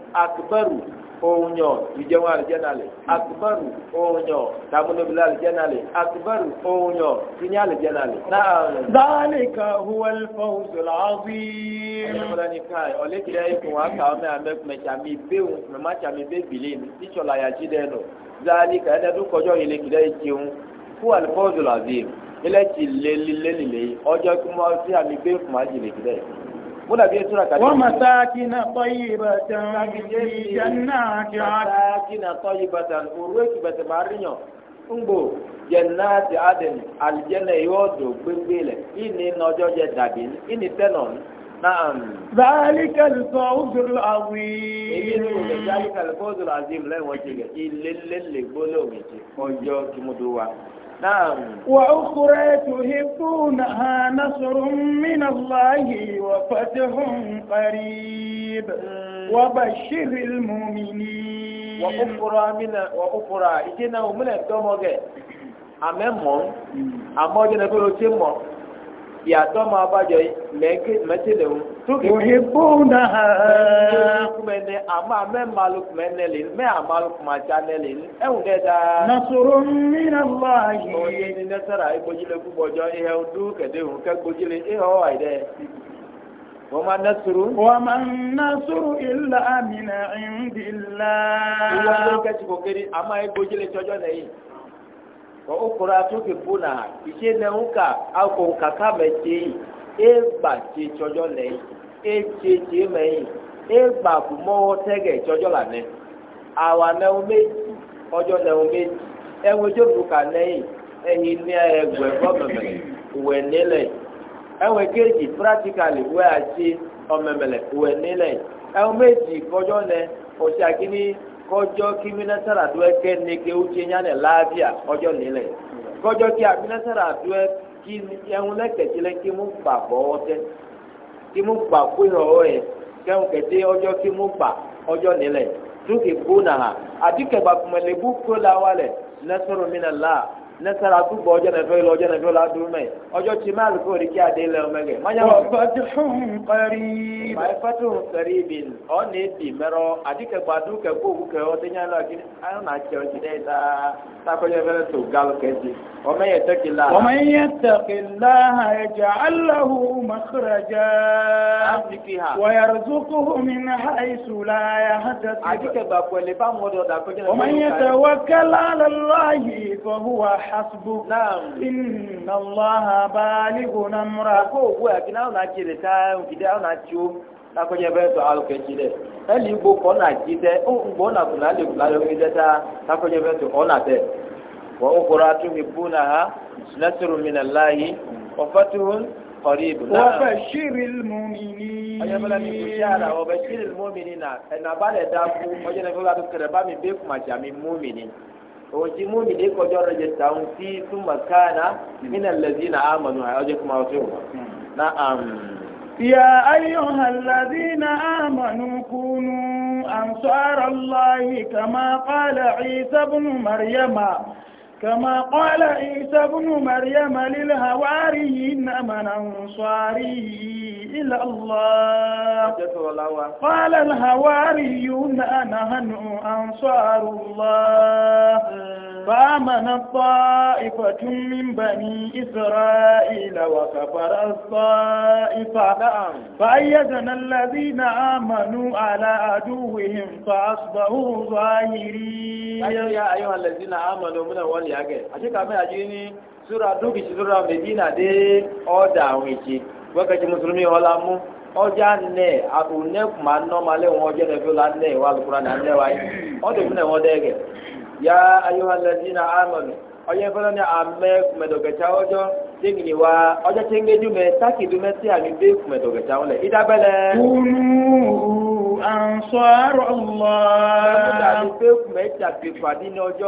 Speaker 1: akbaru onyo ìjẹun àlìjẹ́nà lè akbaru onyo tàbílẹ̀ àlìjẹ́nà lè akbaru onyo tìní àlìjẹ́nà lè. dáníkà huwal fawzul azim. ọlọ́mọdé ní ká ẹ̀ ọ̀lẹ́kìlẹ̀ ikùn wa kà ọ́ mẹ́ amẹ́kùnmẹ́tsàmì bẹ́ẹ̀ mẹ́màtsàmì bẹ́ẹ̀ bìlẹ̀ mi títsọ̀ la yàtí dẹ́ nù dáníkà ẹ̀ dẹ́dú kọjọ́ ìlẹ̀kìlẹ̀ ìjẹun huwal fawzul azim ilẹ̀ ti lé lílé lílé ọjọ́ kí mo ti àmì bẹ́ẹ̀ kùmà jìlẹ̀kìlẹ̀ yìí ó dàbí ẹ túra kàdé. wọ́n masakina tayyibatan fi jannati adn. masakina tayyibatan òru èkì bẹ̀tẹ̀ máa rí yàn ń gbò jannati adn àlìjẹ́nà yóò dò gbégbé lẹ̀ ìní nọjọ́ jẹ dàbí ìní tẹ́nà náà. zaalika alfawzul azim. èyí ni o lè zaalika alfawzul azim lẹ́wọ̀n jẹ ilé lẹ́lẹ̀ gbólóhùn ọjọ́ kìmùdúwà. وأخرى تهبونها نصر من الله وفتح قريب وبشر المؤمنين وأخرى من وأخرى إتنا ومن الدمغة أمامهم أمامهم أمامهم yàtọ̀ máa bàjọ́ mẹ́tìlẹ̀ o. òye bóńdà ha. kumẹ́nẹ àmọ́ mẹ́ malu kumẹ́nẹ Na mẹ́ àmalu kumaca nẹ ní. ẹ̀hún dẹ̀ nasoro mina báyìí. òye ni ne sara egbojile kúbọjọ ihe dú kẹdẹhùn kẹgbojile ihe ọ̀ àyè dẹ. وما النصر وما النصر إلا من wa okura tó fi na ìṣe lẹ́hún ka aago kàkà mẹ́tẹ́ yìí é gbà tse tsɔjɔ lẹ́ yìí é tse tse mẹ́ yìí e gbà kú mọ́wọ́ tẹ́gẹ̀ tsɔjɔ la nẹ́ àwa lẹ́hún lẹ́hún ẹ̀hún ka lẹ́ yìí ẹ̀hìn ní wẹ̀ nílẹ̀ ẹ̀hún wẹ́ àti wẹ̀ nílẹ̀ ẹ̀hún lẹ́ kɔjɔ ki minasara do ɛkɛ neke wotse nyane laavia kɔjɔ nilɛ kɔjɔ ki ki ɛŋu lɛ kɛtɛ lɛ ki mu gba bɔwɔ tɛ ki mu gba kuyɔwɔ yɛ kɛŋu kɛtɛ ɔjɔ na ha adi kɛgba kumɛ lebu ko la nẹsẹrẹ àtúgbọ ọjọ nẹfẹ lọ ọjọ nẹfẹ lọ adúrú mẹ ọjọ tí máa lùkọ rí kí adé lẹ ọmọ gẹ. ọ̀fọ̀tún kẹrì. ọ̀fọ̀tún kẹrì bì ọ̀nà èdè mẹ́rọ àdìkẹ́gbàdúkẹ́ kó òkú kẹ́ ọ takọjọ fẹlẹ tó galo kẹsì ọmọ yẹn tẹkì la. ọmọ yẹn tẹkì la ẹja alahu makaraja. afiki ha. wàyàrùsùkú mi na haisu la ya hata ti. akíkẹgbà pẹlẹ bá mọ dọ dakọjọ. ọmọ yẹn tẹ wakala alayi fọwọ́ hasbu. naam. inna allah baali gunamra. kó o bu àkínná àwọn àti rẹ̀ tá òkìdí àwọn àti o n'akɔnyɛ bɛ tɔ alu kɛntsi dɛ ɛli igbo kɔ na dzi tɛ o ŋgbɔ na kuna ale kuna ale wi tɛ ta n'akɔnyɛ bɛ tɔ ɔna tɛ wa o kɔrɔ atu mi bu na ha sinasiru mi na la yi ɔfatu kɔri ibu na. wɔfɛ siri mumini. ɔyɛbɛlɛ mi bu si ara wɔfɛ siri mumini na ɛnaba lɛ da ku ɔyɛ lɛ fɛlɛ kɛrɛ ba mi bɛ kuma ja mi mumini òtí múmìnì kọjọ rẹjẹ tàun tí túmọ̀ káàná mí na lẹ́sìn náà àmọ̀ nù ọjọ́ kuma ọtí wọn. يا أيها الذين آمنوا كونوا أنصار الله كما قال عيسى بن مريم كما قال عيسى بن مريم للهواريين من أنصاري إلى الله قال الهواريون هن أنصار الله فآمنت طائفة من بني إسرائيل وكفر الطائفة نعم. فأيدنا الذين آمنوا على عدوهم فأصبحوا ظاهرين يا أيها الذين آمنوا من أولي ìjà gẹ̀ àṣekà mẹ́ta jí ní súra dúkìsì súra mẹ́dínà dé ọ̀dà àwọn ìjì gbọ́kẹ́jì mùsùlùmí ọ̀la mú ọjà nẹ àbò nẹ́kùmá nọ́malẹ̀ wọn ọjọ́ nẹ́fẹ́ la nẹ́ wà lùkúrà nà ya wáyé ọdún fún ẹ̀wọ̀n dẹ́ gẹ̀ yá ayélujára amọ̀nù ọjọ́ ìfẹ́lẹ́ ní amẹ́ kùmẹ̀dọ̀gẹ̀ta ọjọ́ wa a ti gbé kùmẹ̀ tí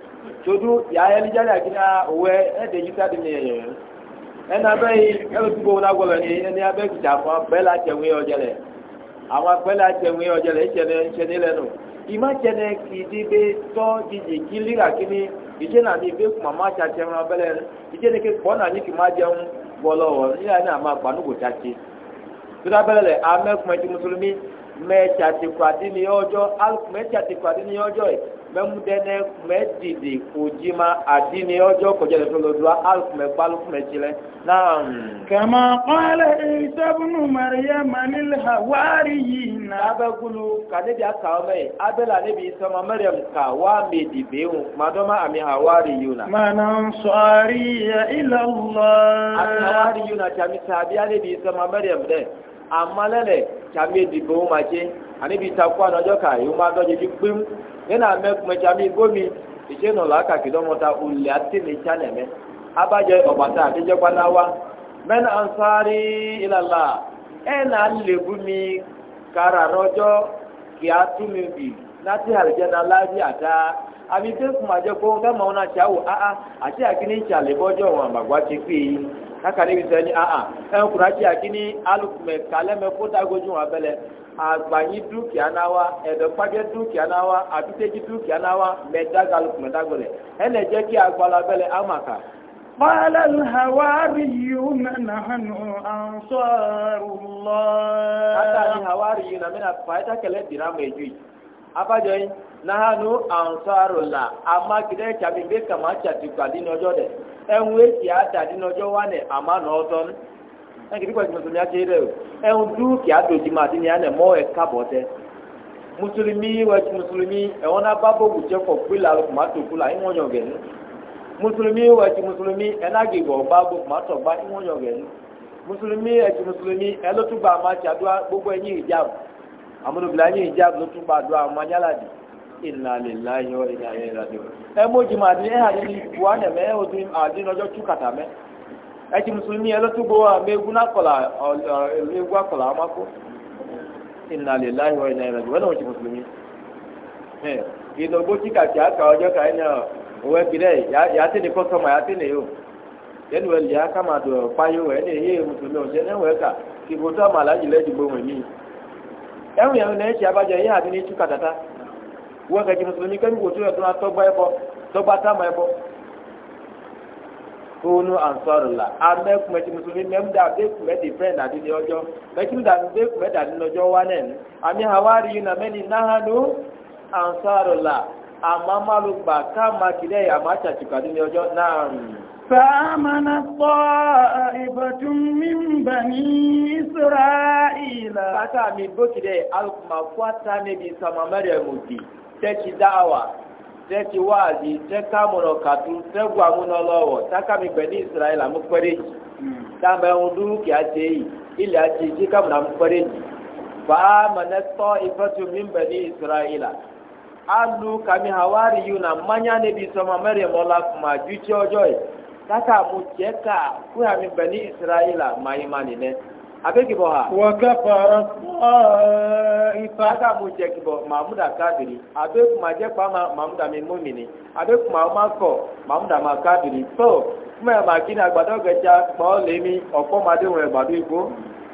Speaker 1: tsodu ya ayɛ nidzali akina owɛ ɛdɛ yita di ni ɛna bɛ yi ɛlòtugbo wòle agbɔlɔ ni ɛni abɛ gbèsè afɔ abɛ la ŋue la ŋue lɛ ima tsɛnɛ kidi bi tɔ didi kili kini idze nani bi kuma ma tsa tsɛ ŋu abɛ idze ni ke kpɔ nani ma dze ŋu gbɔlɔ wɔ nila ni ama gba nugo tsa tsi tura bɛ lɛ amɛ kumɛ ti musulumi mɛ tsa ti mɛmudɛnɛ mɛdidi kodzima adini ɔdzɔ kɔdzɔ lɛ tɔlɔdua alu kumɛ kpalu kumɛ tsi lɛ naam. kama kɔlɛ isabunu mariam anil hawari yi na. abɛ kulu kanebi aka ɔmɛ yi abɛ la nebi sɔma ka wa mi di be ami yi mana ya ami yi na ma tse ta ka ma kpim. yana mɛ kumɛtsa mi gomi ìṣe nù làákà kìlọ mọta olè àtìlẹ tsalẹ mɛ abajɛ ɔbata mena kpana wa mɛn ansari ilala ɛna e mi kara rɔjɔ kìá tumi bi n'ati alijanna laabi ata àmì a kumadé kó kama wọn àti awo aa àti àkíní tsalẹ bɔjɔ wọn àgbàgbà ti pè kaka níbi sẹni aa ɛn kura ti àkíní agbanyi dúkìá náà wa ẹ̀dọ̀kpájẹ́ dúkìá náà wa àbítẹ́jì dúkìá náà wa mẹ́dágalu mẹ́dágolẹ̀ amaka. yi amaka. Fọ́lá lùhàwárí yìí na nàánú
Speaker 2: ànsọ́rùlọ́.
Speaker 1: Látàrí hàwárí yìí na na fàáyítà kẹlẹ́ dìrà mọ̀ èjú yìí. Abájọ yìí nàánú ànsọ́rùlà a kìdẹ́ ẹnì kí pàṣẹ mùsùlùmí àti rẹ o ẹhùn dúkìá dòjì máa ti ní àná mọ ẹka bọ tẹ mùsùlùmí wẹsì mùsùlùmí ẹwọn náà bá bọ wùjẹ fọ pílà kòmátò kúlà ìwọn yọ gẹnu mùsùlùmí wẹsì mùsùlùmí ẹnàgì gbọ bá bọ kòmátò bá ìwọn yọ gẹnu gbogbo ẹyìn ìjáàb ẹtì mùsùlùmí ẹ lọ́túgbò a mẹ́gun akọ̀là ẹ̀ẹ́gún akọ̀là amákó ìnà lè láyé wọ ìnà ìrẹ̀lẹ̀ wọ́n náà wọ́n ti mùsùlùmí. ìnà ògbójì kàkì àkà ọjọ́ kà ẹ̀ náà òwe gbìrẹ̀ yà á tẹ̀ ní kọ́sọ́mà yà á tẹ̀ ní yò yẹnu ẹ̀ lìyà ká máa dọ̀ páyò ẹ̀ ní èyí mùsùlùmí ọ̀jẹ̀ náà wẹ̀ kà kì bùtọ́ màlájì lẹ́dìgbò kónú ansọrọla amẹ kumẹtsi musulmi mẹmuda bẹ kumẹ difrẹn dadi ni ọjọ mẹtsimida bẹ kumẹ dadi ni ọjọ wa nẹ ami hawari yina mẹni nahanu ansọrọla amamalugba kama kidẹ ama tsatsikadi ni ọjọ naam. فآمن الطائفة من بني إسرائيل فتا من بكرة ألقما فتا نبي سما مريم tẹ ti wáàzì tẹ kámúnọ kàtú tẹ gbàmúnọ lọwọ tákàmì pẹlú israẹl àmúpẹrẹ yìí dàmẹ hmm. ń dúró kí a ṣe yìí ilẹ̀ àti ìṣe kámúnọ àmúpẹrẹ yìí fàámà nẹtọ ìfẹtù mi pẹlú israẹl alu kàmi hawari yìí nà mmanya níbi sọmọ mẹrin mọlá kùmà ju abẹ́kìbọ̀ ha. wọ́n kẹ́fọ̀ọ́rọ́ ìfà. ká mo jẹ kìbọ̀ mahmuda kábìrì abẹ́kù máa jẹ́ pa mahmuda mi mọ́mìnì abẹ́kù máa ma kọ̀ mahmuda ma kábìrì tó fún ẹ̀ máa kí ni àgbàdo gẹ̀jà pọ̀ lé mi ọ̀pọ̀ máa dé wọn ẹ̀gbàdo ìgbó.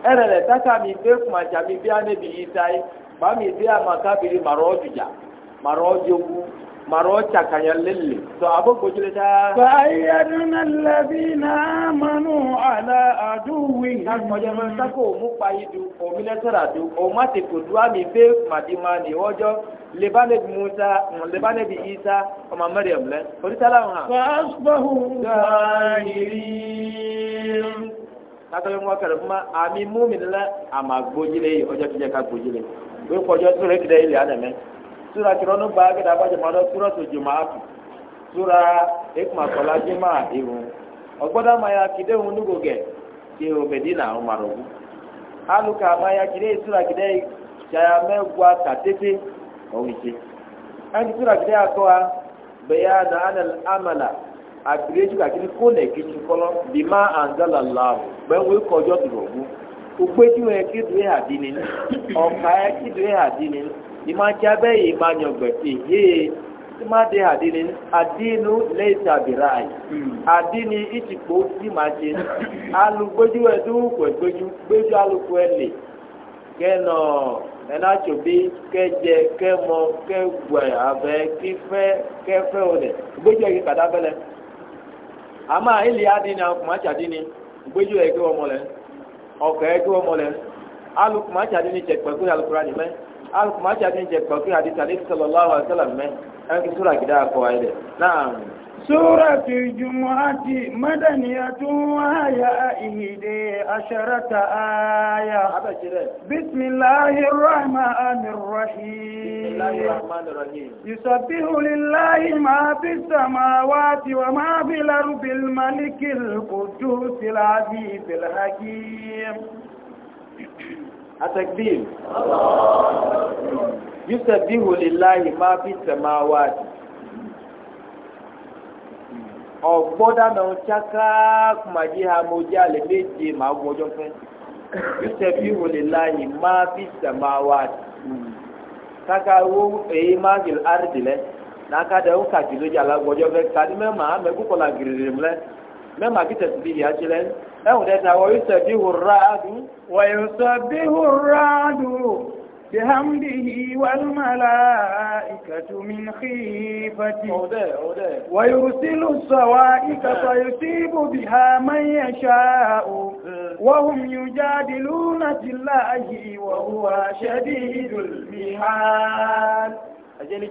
Speaker 1: ẹ̀rẹ̀ rẹ̀ tákà mi bẹ́kù máa jà mi bí anẹ́bí yìí táyé bá mi bí àmà kábìrì màrọ́ ọ̀jùjà màrọ́ ọ̀jọ̀gù marocha kanyan lille to abu gujile ta fayyaduna labina manu ala aduwi kakọjọ lọ sako mu payi du ominẹsara du omate ko du ami fe madima ni ọjọ lebanebi musa lebanebi isa ọmọ mariam lẹ orisala hàn. fasubahu gaayiri. kakọjọ mu akẹrẹ kuma ami mumin lẹ ama gbojile ọjọ tijẹ ka gbojile o kọjọ tó rẹ kiri ilé anamẹ. sura kìrọ ní bá gẹ́gẹ́ abájọ máa lọ sura tó jùmọ̀ àtù sura ma jimá ìhun ọgbọ́dọ̀ ya kìdé hun ní gògẹ̀ kí o bèdí nà ọmọ ya kìdé sura kìdé ṣayà mẹ́wàá kàtẹ́tẹ́ ọ̀wìṣe ẹni sura kìdé akọ́ wa bẹ̀yà nà amàlà àgbèrèjì kàkiri ekidu ìmájá bẹ́ẹ̀ ìmáyọ̀gbẹ̀ èhé ìmáde àdínú yìí ìtìpó tí màá ṣe alùgbójú ẹ̀dún pẹ̀gbójú gbójú alùpùpù ẹ̀ lè kẹ́nà ẹ̀nàtsobi kẹ́jẹ olè gbójú ẹ̀ kàdá bẹ́lẹ̀ àmà ìlì àdínní àkùmàtsà àdínní gbójú wọ́n wọ́n alukuma ti a ti ń jẹ kpọ̀kí àdìsí àdìsí sallallahu alaihi wasallam mẹ́ ẹn kí sura gidi akọ ayé dẹ náà. سورة الجمعة مدنية وهي إهدي عشرة آية بسم الله الرحمن الرحيم يسبح لله ما في السماوات وما في الأرض الملك القدوس العزيز الحكيم atakbir yusabihu lillahi ma fi samawati ọgbọdana tsaka kumadzi ha modzi alẹ méje ma gbọdọ fún yusabihu lillahi ma fi samawati kaka wo eyi ma gil ardi lẹ n'aka dẹ wo kati do dza la gbọdọ fẹ kadi mẹ ma amẹ kukọ mẹ́mà kí tẹ̀síbí yìí ajé lẹ́nu ẹ̀hùn dẹ́ta wọ́n yóò sẹ̀bí hùrà àdú. wọ́n yóò sẹ̀bí hùrà àdú bí hàmdì yìí wà lùmọ̀lá ìkàtú mi kì í fati. ọ̀dẹ́ ọ̀dẹ́. wọ́n yóò sílù sọ̀wá ìkàtọ̀ yóò sí ibùbí ha máa ń o. wọ́n hùm yóò jáde lúnà ti láàyè wọ́n wà ṣẹ́dí ìdòlùmí ha. àjẹ́ni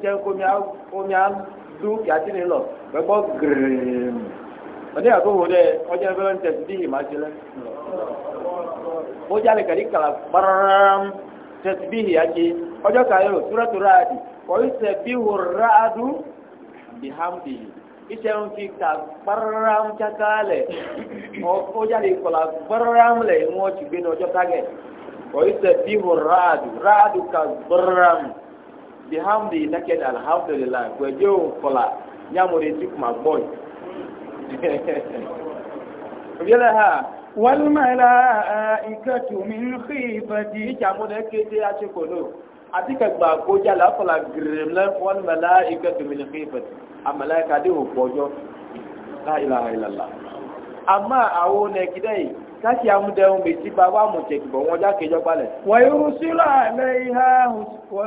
Speaker 1: ọdẹ yàtọ̀ wò dẹ ọjọ́ ẹgbẹ́ ń tẹ̀sí bíi màá ṣe lẹ. ó jáde kàdí kàlà kparam tẹ̀sí bíi yà ṣe ọjọ́ kàlẹ́ o túrẹ́tù rà dì kọ́yí sẹ̀ bí wò rà dù bí hàmdì iṣẹ́ ń fi kà kparam tsaka lẹ̀ ó jáde kọ̀là kparam lẹ̀ ń wọ́n ti gbé ní ọjọ́ kagẹ̀ kọ́yí sẹ̀ bí wò rà dù kà kparam bí hàmdì nàkẹ́ alhamdulilayi gbẹ̀dẹ́ òun kọ̀là nyàmúre tí kò má
Speaker 2: gbọ́
Speaker 1: yẹlẹha walmalaikatu min khifati ìjàmúlẹ̀ kéde àṣekòlò àti kẹgbà àgbójà láfọlá gírẹ̀lẹ̀ walmalaikatu min khifati àmàlẹ́kàdé òpọ̀jọ́ láìláha ìlàlá àmà àwọn onẹ̀kídẹ́ yìí káṣí amúdẹ̀hún méjì bá wà mú jẹ̀kì bọ̀ wọn jákèjọ́ balẹ̀. wà irusílà lẹ́yìn ha wà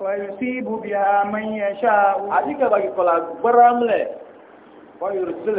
Speaker 1: ويصيب بها من يشاء أديك باقي قلا برام له ويرسل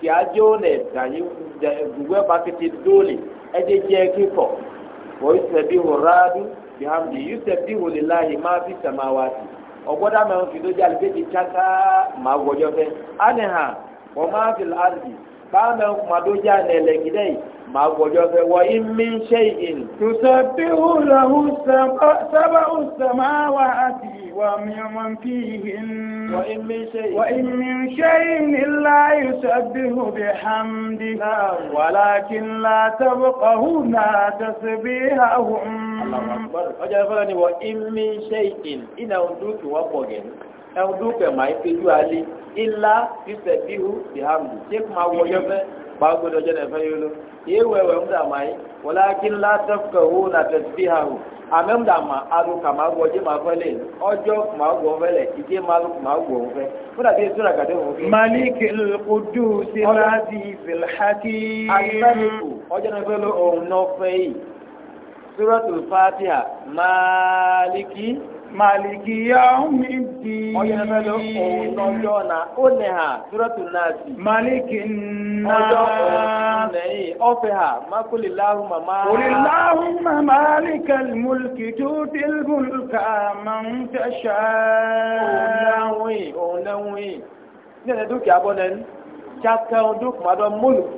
Speaker 1: kì á jó lẹ̀ gàyé gbùgbẹ́ pàkìtì dóòlì ẹ̀jẹ̀ jẹ́ kíkọ̀ wọ́n yóò tẹ̀bí wò ráàdú bí hàmdi yóò tẹ̀bí wò lè láàyè má fi sẹ̀mà wá sí ọgbọ́dá mẹ́rin fi lójú àlùfẹ́ ti tsáká màá wọ́jọ́ fẹ́ ánìhàn wọ́n má fi láàdì kánà màdójá nílẹ̀ gidẹ́ yìí màá gbọ́jọ́ fẹ́ wọ ìmí ṣe ìhìn. tùsọ̀bí hùlọ̀hù sábà ọ̀sàmá wà àti ìwà mìíràn fi ìhìn. wọ ìmí ṣe ìhìn. wọ ìmí ṣe ìhìn ńlá ìṣọ̀bí hùbí hàmdì. wàlá kí ila fífẹ̀ bíhu ìhàmù tí kò máa wọjọ́ fẹ́ gbàgbọ́dọ̀ jẹ́ nẹ̀fẹ́ yìí o àmẹ́ ń dà má alo kà máa gbọ́ jẹ́ máa fẹ́ lé ọjọ́ máa gbọ́ fẹ́ lẹ̀ ìdí máa ló máa gbọ́ fẹ́ malik maliki. Màlìkìyà mi di. Ọjọ́ ẹgbẹ́ ló òun lọ́jọ́ náà. Ó nì hà Súrọ́tù náà sí. Màlìkì náà. Ọjọ́ òun lẹ́yìn. Ọ̀fẹ́ hà Mákúlì láhùn màmá. Orí láhùn màmá Líkàlì Múlùkì tó ti múlùkà máa ń tẹ̀ṣà. Òun láhùn yìí, òun láhùn yìí. Ní ẹ̀dẹ́ dúkìá bọ́ múlùkì.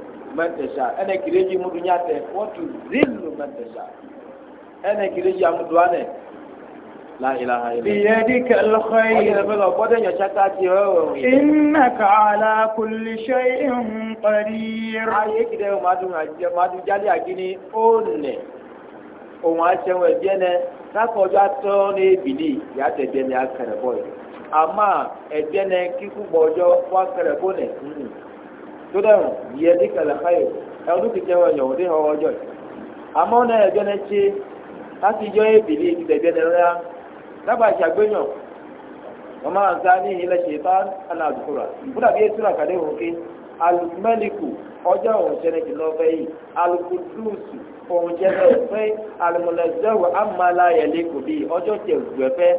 Speaker 1: mɛtɛsa ɛnɛ kireji mu dunya tɛ wɔtu zilu mɛtɛsa ɛnɛ kireji amu do anɛ la ilaha illa. biyɛdi kɛlɛ xɔyi. ɔyìn lɛ fɛlɛ ɔbɔdɛ ɲɔtsɛ ta ti o. ina kaala kuli sɛyi n kpari. ayi eki dɛ madu madu jali agini o nɛ òun atsɛ wɛ biɛ nɛ n'akɔdu atɔ ne bili yatɛ biɛ nɛ akɛrɛ bɔ yi ama ɛbiɛ nɛ kiku gbɔdzɔ wa kɛrɛ bɔ tó dẹ̀rùn yẹ ní kẹlẹ̀ ẹ ọdún kìí jẹ́wọ́ ẹ̀yọ̀ ọwọ́ ọjọ́ yìí àmọ́ ọ̀nà ẹ̀jọ́ náà ṣe láti yọ èbìlì ìdẹ̀gbẹ́ náà rẹ́ lágbà ìṣàgbéyàn wọ́n máa ń sá ní yìí alùkùdùsù òun alùmọ̀lẹ́sẹ̀wò bíi ọjọ́ tẹ̀ ẹ̀fẹ́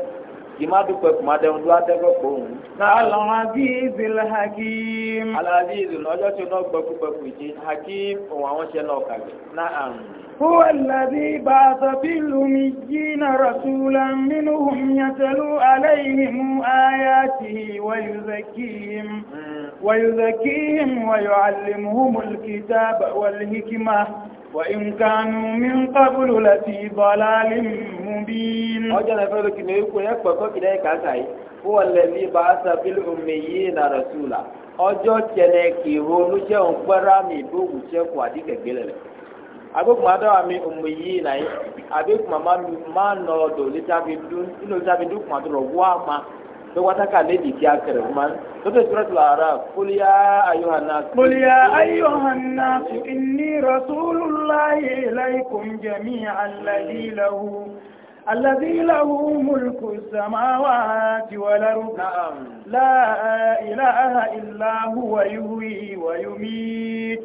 Speaker 1: kìmá dúpẹ́ kùmá dẹ̀hún tó adẹ́gbẹ́ kpóhùn. Sàlọ̀ Azizi Hakim. Alazizi lọ́jọ́ tí náà gbẹ́kú gbẹ́kú ìdí Hakim òun àwọn ṣẹ́ náà kàgbé. Náàm. Huwa alladhi ba'atha fil ummiyina rasulan minhum yatlu alayhim ayatihi wa yuzakkihim hmm. wa yuzakkihim wa yu'allimuhum alkitaba wal hikmah. وإن كانوا من قبل لفي ضلال مبين أجل فلك نيكو يكبر فكنا يكاساي هو الذي بعث في الأميين رسولا ọjọ́ tẹ̀lé ronú jẹ́ òun pẹ́rẹ́ àmì jẹ́ mi òmù yìí nọ ọ̀dọ̀ dún dún wọ́ àmà فواتك الذي يذكر من تبقى سورة الأعراف قل يا أيها الناس قل يا أيها الناس إني رسول الله إليكم جميعا الذي له الذي له ملك السماوات والأرض نعم. لا إله إلا هو يهوي ويميت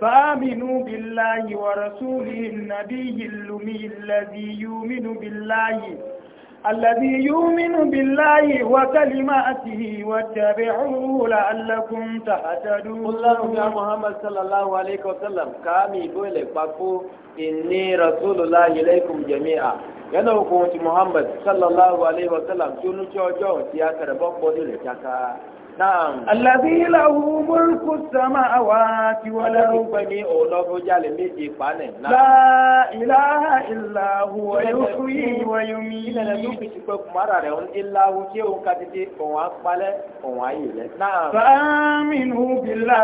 Speaker 1: فآمنوا بالله ورسوله النبي الأمي الذي يؤمن بالله الذي يؤمن بالله وكلماته واتبعوه لعلكم تهتدون قل يا محمد صلى الله عليه وسلم كامي دولي باكو إني رسول الله إليكم جميعا yana hukunci muhammad sallallahu alaihi wasallam tunu cewa cewa ya karɓar kodin da ta Àlàbí ìlàwó mọ́rùkú sàmà àwà ti wọ́n lẹ́rù. Ọlọ́run pẹ̀lú ọlọ́run jálè méje pàánẹ̀ náà. Láà ìlàhà ìlàhù ọ̀yọ́kú yìí wọ́yọ́ mi. Ìlànà tó fi ti pẹ́ kùmárà rẹ̀ ń ìlàhù tí òun ka títí òun á palẹ̀ òun á yìí rẹ̀. Fàámìnú bìlá.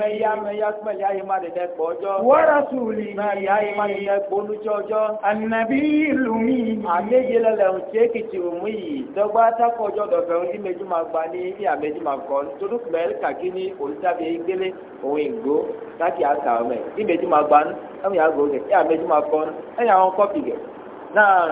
Speaker 1: Mẹ́yà mẹ́yà pẹ̀lú ayé má dẹ̀dẹ̀ pọ̀ ọjọ́. Wọ́rọ̀ sùlì. Mẹ́yà ayé má dẹ̀dẹ̀ pọ̀ olújọ́ ọjọ́. Ànàbí ìlú mi. Àméjì lẹ́lẹ̀ ń ṣe é kìtì òmù yìí. Dọ́gba tákọ̀ ọjọ́ dọ̀fẹ́ ń dí méjì máa gba ní ìyá méjì máa kɔ ntonu kumɛ kaki ni olùtàbí ekele òun ìgò kaki ata mɛ ìmɛdzi ma gba nu ɛmu yà gbɔ gɛ ɛyà mɛdzi ma kɔ nu ɛyà wọn kɔpi gɛ.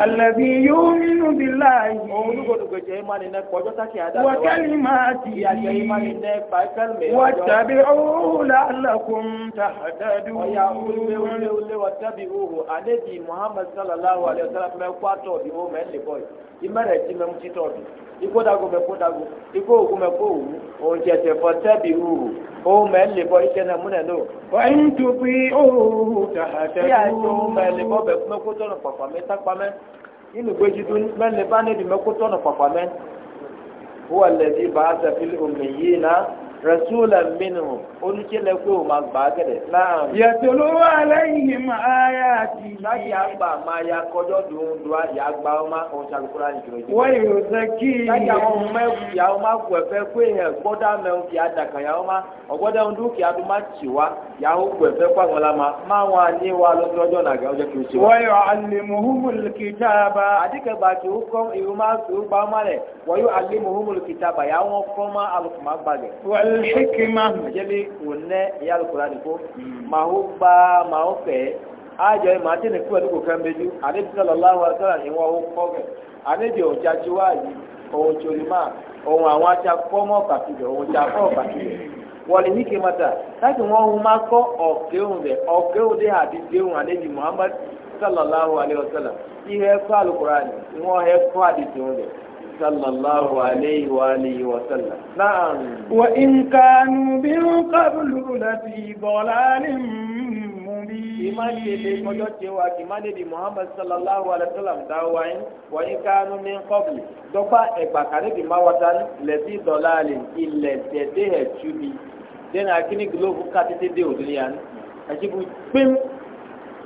Speaker 1: alẹ́bí yóò nínú bí láàyè. òun ní gbọdọ̀gbọ̀ jẹ́ ìmọ̀ nínú ẹ̀kọ́ ọjọ́ káàkiri àdáyé wa. wákàlí máa ti yí. ìyàjẹ́ ìmọ̀ nínú ẹ̀kọ́ ẹ̀kẹ́lì mi. wà tàbí ọ̀húnlá alákùn tàdádú. ọ̀yà wúlé wúlé wúlé wà tàbí òhù àdébì muhammed sallallahu alayhi wa sallam mẹ́kọ́ àtọ̀ ìbò mẹ́lẹ̀ bọ́yì imẹrẹ ti mẹ mutí tọdù ikó dago mẹ kó dago ikó òkú mẹ kó òwú òun tẹsẹ fọ tẹbi hù ń lè bọ iṣẹ náà bí àìsàn òun mẹ lè bọ bẹ mẹkó tọ̀nà pàpà mẹ tápá mẹ inú gbèjì tó mẹ lè bá níbi mẹkó tọ̀nà pàpà mẹ. wọ́n lè di bàá sẹ́fílì òmìnir rasulan minhum oníṣẹ́lẹ̀ pé o ma gbà á gẹ̀dẹ̀ láàrin. yẹtùlú wà lẹ́yìn mà á yà tì. àgbà ya kọjọ́ dùn dùn àyà àgbà ọmọ ọ̀hún ṣàlùkúrà nìjọba ìjọba. wọ́n yóò ya ọma láti àwọn ọmọ ẹ̀kúyà ọmọ wa والحكمة جبي ونة يا القرآن كو ما هو با ما هو كه أجا ما تين كوا دكوا كم بيجو أنا صلى الله عليه وسلم هو هو جو جاجوا كومو ní láti wọn ohun máa kọ ọkẹhùn rẹ ọkẹhùn dé muhammad sallallahu alayhi wa sallam ni صلى الله عليه وآله وسلم نعم وإن كانوا من قبل لفي ضلال mubin. ìmá tètè kọjọ́ tẹ wa kì má débi muhammed sallallahu alayhi wa sallam dá wa yín wọ́n yín kánú ní kọ́bù dọ́gba ẹ̀gbà kàdébì má wata lẹ́sí dọ́là lè ilẹ̀ tẹ̀dé ẹ̀ tùbí dẹ́nà akíní gílóòfù ká tètè dé òdúlé yá ni. àṣìbù pín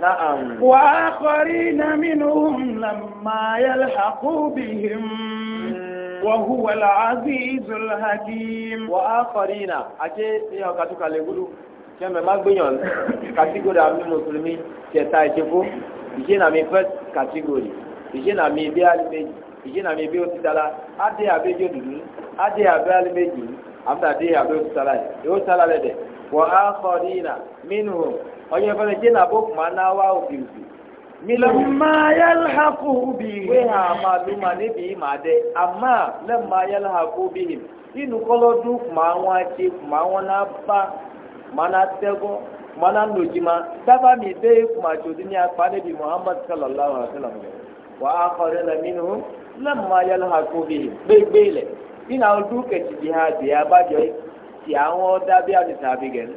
Speaker 1: نعم وآخرين منهم لما يلحقوا بهم وهو العزيز الحكيم وآخرين أكيد يا كاتوكا لغلو kẹmẹ má gbìyàn kàtígórì àmì mùsùlùmí kẹta ìṣẹ́fó ìṣẹ́nàmì first category ìṣẹ́nàmì ibi alìméjì ìṣẹ́nàmì ibi òtítàlá adé àbẹ́jì òdùdú adé àbẹ́ alìméjì àmì àdé àbẹ́ òtítàlá yìí òtítàlá lẹ́dẹ̀ wọ́n á kọ́ dínà mínú onye fana je na boku ma na wa obi obi mimma yalhaqu bihi we ha ma lu ma ne bi ma de amma lamma yalhaqu bihi inu kolo du ma wa ti ma wa na ba ma na tego ma na noji ma daba mi de ma jodi ni apa ne bi muhammad sallallahu alaihi wasallam wa akharina minhum lamma yalhaqu bihi be be le ina du ke ti ha bi abajo ti àwọn dabi àti tàbí gẹ̀ẹ́nì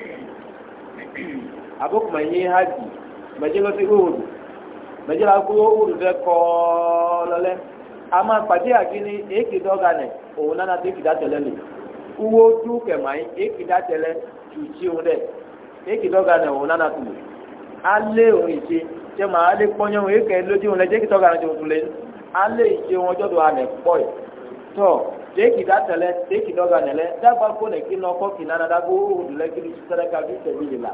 Speaker 1: àbúkù ha nyé hajj mẹjẹ lọ sí òòlù mẹjẹ lọ kó òòlù fẹ kọ́ lọlẹ́ àmà pàdé àkíní èkì dọ́gà nẹ̀ òun nánà tó èkì dátẹ̀lẹ́ lè uwo tú kẹ̀mà yín èkì dátẹ̀lẹ́ tù tí òun dẹ̀ èkì dọ́gà nẹ̀ òun nánà lè òun òun èkè lójú òun òun lɛ dagba na dago o du la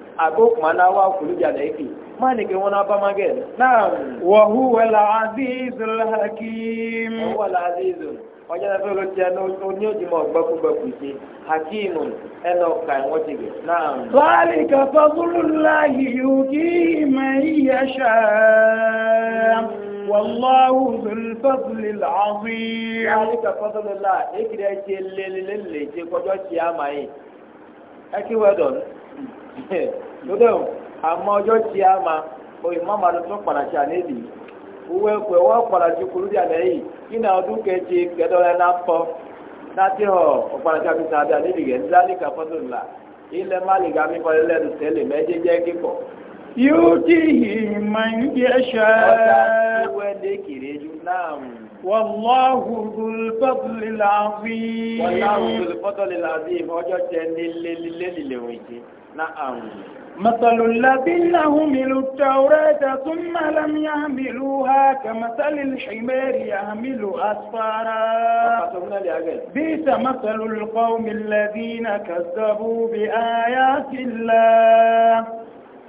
Speaker 1: àgó kùmánà wà na lẹ́kì máa nìkẹ́ wọn náà bá máa gẹ̀ náà. wọ̀hú wẹ̀lá azizul hakim. wọ́n wà azizul ọjọ́ náà fẹ́ ló jẹ́ ní ojúmọ̀ gbẹ́kúgbẹ́kú sí hakim ẹnà ti náà. yìí kí ekiri e lóde àmọ́ ọjọ́ tí a ma oye mama ló tún kpalatsi ànébi owó ẹ̀kọ́ ẹ̀wọ́ kpalatsi kulu di àná yìí kí ni ọdún kẹtì kẹdọ́ lẹ́ ná pọ́ n'ati hɔ ɔkpalatsi akutɛ adi ànébi yɛ nílá ilẹ̀ má lè ga mi tẹ́lẹ̀ kíkọ́. yóò yìí máa ń yẹ ọjà ju náà. wàláhù làbí. wàláhù làbí مثل الذين حملوا التوراة ثم لم يحملوها كمثل الحمار يحمل أسفارا بئس مثل القوم الذين كذبوا بآيات الله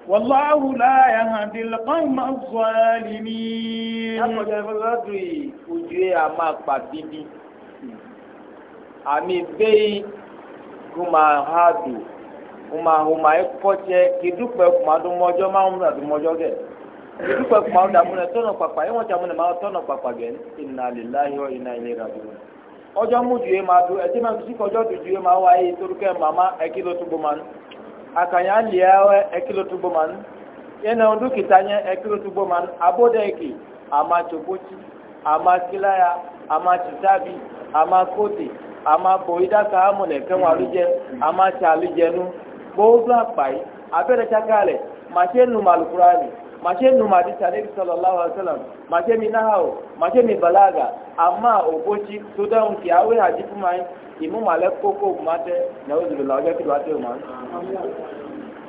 Speaker 1: والله لا يهدي القوم الظالمين àmì bẹ́ẹ̀ kó máa Ụmụ uma ekpɔtsɛ kuma do mɔdzɔ ma ŋun na mɔdzɔ gɛ kedukpɛ kuma do amu na tɔnɔ kpakpa ye ŋɔtsi amu na ma tɔnɔ kpakpa gɛ ina le la yɔ ina do ɔdzɔ mu du ye ma do ma kɔdzɔ du du ye ma wa ye toro kɛ mama ekilo tugbo ma nu akanya lia wɛ ekilo tugbo ma nu yɛnɛ kita nye ekilo ma nu abo de eke! ama ama ama bowla kpai abere chakale mache numa alqurani mache numa hadisi anabi sallallahu alaihi wasallam mache minahao mache mibalaga ama obochi sudan ki awe hadifu mai imu male koko mate na uzulu la ojo ki wa te o man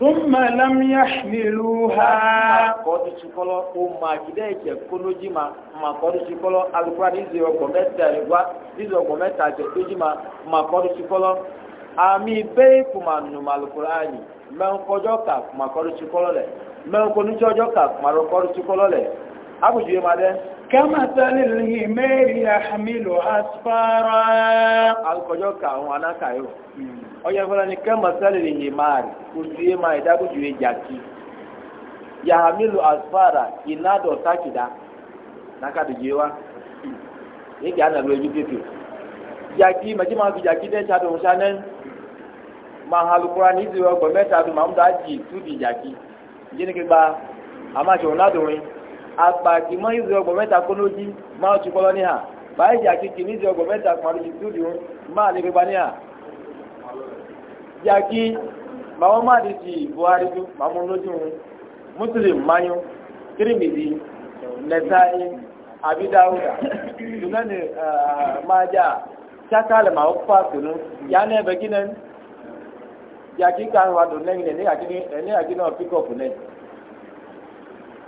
Speaker 1: ثم لم يحملوها kọ́dù tsikọ́lọ́ o ma jìdá ìjẹ́ kólójì ma ma kọ́dù tsikọ́lọ́ alukura ní ìzè ọgbọ̀n mẹ́ta ẹ̀wá ìzè ọgbọ̀n mẹ́ta ma ma kọ́dù tsikọ́lọ́ ma ma alukura yìí mẹ́nkọ́jọ́ ma ma kọ́dù tsikọ́lọ́ lẹ̀ abùjú ma كمثل الهمير يحمل أسفارا alkọjọ́ ka àwọn alákàáyò ọjọ́ ìfọ́lá ni كمثل الهمار kò sí ẹ̀ma ìdágójú rẹ̀ jàkí yàhámìlú asfara ìnádọ̀ tákìdá nàkàdìjì wa èyí àná ló ẹjú pépè jàkí màjí máa fi jàkí dẹ́ ṣáà dùn ṣáná máa halukura ní ìdíwọ́ ọgbọ̀n mẹ́ta dùn máa ń dá jì akpa kì mọ ọgbọ mẹta kó ló dí máa tún kọlọ níhà báyìí ọgbọ mẹta kó àlejò tó ma máa lè buhari tó màmú lójú muslim mayu tirimidi nẹsàáyé abidawuda tunani eh, máa jà sakale màwọn fà ya n'ebe gị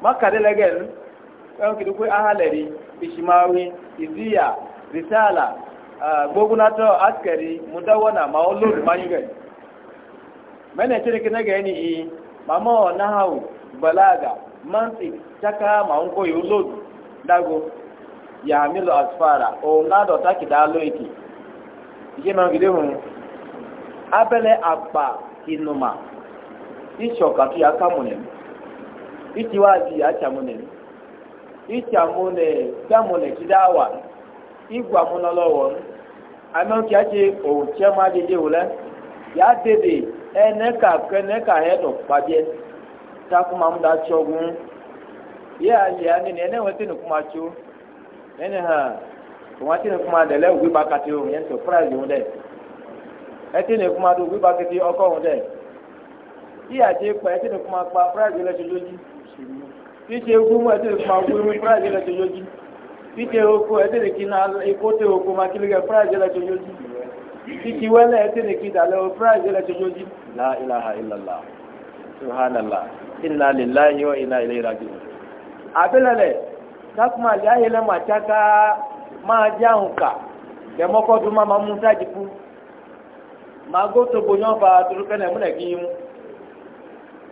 Speaker 1: maka dị n'ege n'oge eh, ndekwa aha iziya eji mba ndekwa izu gbogbo ndekwa askadi mụ ma ndekwa n'eki ndekwa ndekwa enyi ya i ma ma ọ na ha chaka ma ndekwa oyi wụ lori ya yamilu asfaw o ndekwa onadọ taa kida lori i. ihe mmadụ nkidị abele akpa inwe ma ịchọ katụ ya kam ụnyere. ichiwaji achamune ichamune chamune chidawa igwa munolowon ameoki achi owuchema ajije wule ya dede eneka keneka hedo kpabie takuma muda chogun ye ali anini ene wetinu kuma chu ene ha wetinu kuma dele ogbe bakati o yen surprise wunde etinu kuma do ogbe bakati ti wunde iyaje pa etinu kuma pa prize lẹsọjọji. títí egwu mu ẹtí lè kpa ogun mi fúráìsì lẹ tó yọjú na ikó tẹ oko ma kí lè kẹ fúráìsì lẹ tó yọjú títí wẹlẹ ẹtí lè kí dalẹ o fúráìsì lẹ tó yọjú. la ilaha illallah subhanallah inna lillahi wa inna ilayhi rajiun. àbílẹ̀lẹ̀ sákùmá àti ayẹlẹ mà mu.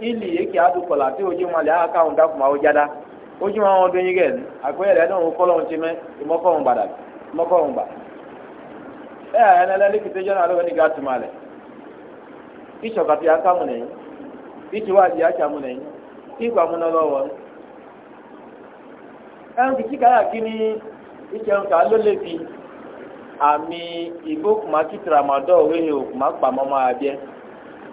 Speaker 1: ili eke adukɔla ti ojú ma lè aka ŋun dakuma o jada ojú ma wọn donyi gɛ akpɛ yɛrɛ ɛdɛ ŋun kɔlɔn ti mɛ mɔkɔ ŋun gbada mɔkɔ ŋun gba ɛ ɛnɛ ya ní kìtɛ jɔna alowó ni ga tuma lɛ kìtsɔ kati aka mu wa di atsa mu mu ɛn kaya kini ami Igbo kuma o kuma ma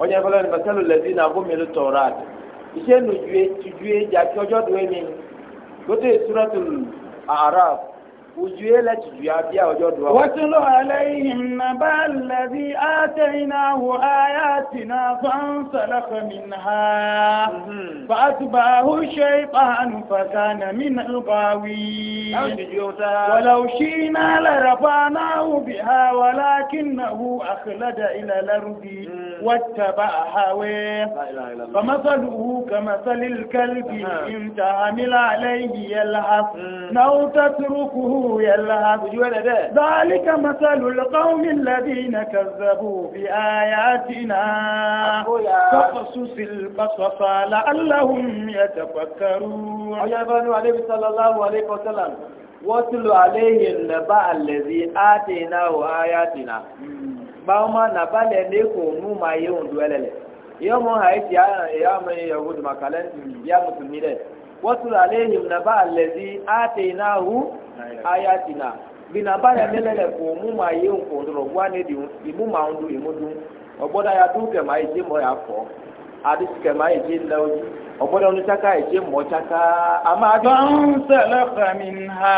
Speaker 1: ọjà ìfọlọ ní mẹsàlù lẹbi náà gómìnà tọrọ àti iṣẹ nu ju etijue jàti ọjọ dùn ẹni gbọdọ ìsúrẹtù arab ojú yẹn lẹ́tì ju ya bí àwùjọ dùn àwọn. wọ́n tún lọ àlẹ́yìn nàbà lẹ́bí àtẹ̀yìnà wò áyà tìǹà fáńsálàfẹ̀mí náà. Mm-hmm. fàtúbà húṣe ìpàánù fàkànà mí nà lùbáwí. wàlà òṣì náà lẹ́rọ̀fà náà wù bí ha wàlà kìnnàwó àkàlàdà ilẹ̀ lárúbí mm. wàtàbà àhàwẹ́. fàmásàlùhù kàmásàlìl kálbì uh-huh. ìntàhámílà àlẹ́yìn yẹlá mm. náà ó tàtúrùkù يلعب ذلك مثل القوم الذين كذبوا بآياتنا فقصص القصص لعلهم يتفكرون عجبا عليه صلى الله عليه وسلم واتل عليه النبأ الذي آتيناه آياتنا باوما نبالي نيكو نوما يون دوالي يوم هايتي يا من يهود مكالن يا مسلمين واتل عليهم نبأ الذي آتيناه ayatina bina baya melele ko mu ma ye ko ndoro gwa ne di imu ma ndu imu du oboda ya duke ma ije mo ya fo adi ke ma ije nda oji oboda onu chaka ije mo chaka ama adu salafa minha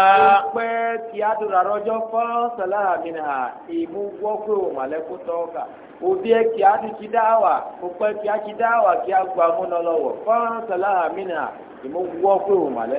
Speaker 1: pe ti adura rojo fo salaha minha imu gwo ko ma le ko toka obi e ki adu ti dawa ko pe ki a ti dawa ki agba mu no lowo fo salaha minha imu gwo ko ma le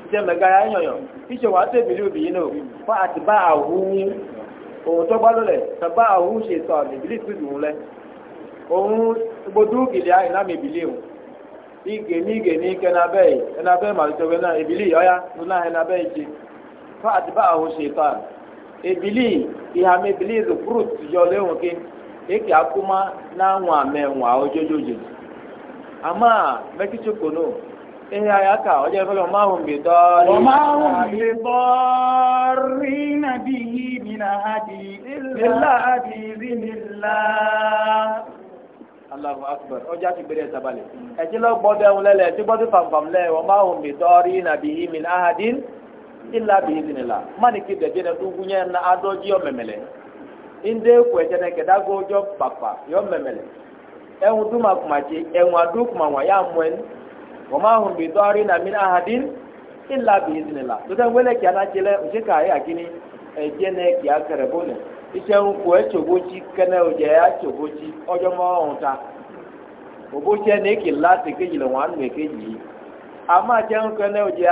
Speaker 1: jẹ́mẹ̀ gáyà yọ̀yọ̀ iṣẹ́ wàá tẹ̀bílì òbí yìí náà fún àtibá àwùú òun i gbádùn lẹ̀ tàbá àwùú ṣe sọ àbẹ̀bílì Ebili, lẹ̀ òun gbodú ìlẹ̀ àìlámi ìbílẹ̀ òun ige ní ige na kẹnabẹ́ yìí ẹnabẹ́ màlúùtọ́wẹ́ náà ìbílẹ̀ ọ̀yá nínú ẹnabẹ́ yìí ṣe fún àtibá eke akuma na anwa nwa ojojojo ama ehe aya ka ọjọ́ ìfẹ́ lọ́wọ́ máa hùn bí tọ́rí. wọ́n máa hùn bí tọ́rí nàbí yìí nínú àdì nílá àdì nílá. Allahu akbar ọjà ti gbére sábàlẹ̀. ẹ̀tí e lọ gbọ́dọ̀ ẹ̀hún lẹ́lẹ̀ ẹ̀tí gbọ́dọ̀ fàǹfàm lẹ̀ wọ́n máa bí tọ́rí nàbí yìí nílá. dẹ̀jẹ̀ na adọ́jí ọ kù ẹ̀jẹ̀ kẹ̀dágójọ́ yọ ẹ̀hún wọ́n máa hùn bí dọ́rí nà mí ní ahadín ńlá bí ìzìnlá lọ́tọ́ wẹ́lẹ̀ kí aná jẹlẹ̀ ń ṣe ká ayé àkíní ẹ̀jẹ̀ náà kì á kẹrẹ̀ iṣẹ́ ń kó ẹ̀ tsogbótsi kẹ́nẹ́ ọ̀jẹ̀ ọjọ́ mọ́ ọ̀hún ta ẹ̀ kéjì yìí àmọ́ àti kẹ́nẹ́ ọ̀jẹ̀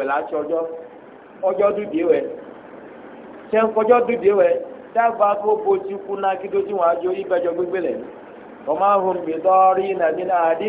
Speaker 1: ọjọ́ ọjọ́ dúdú dúdú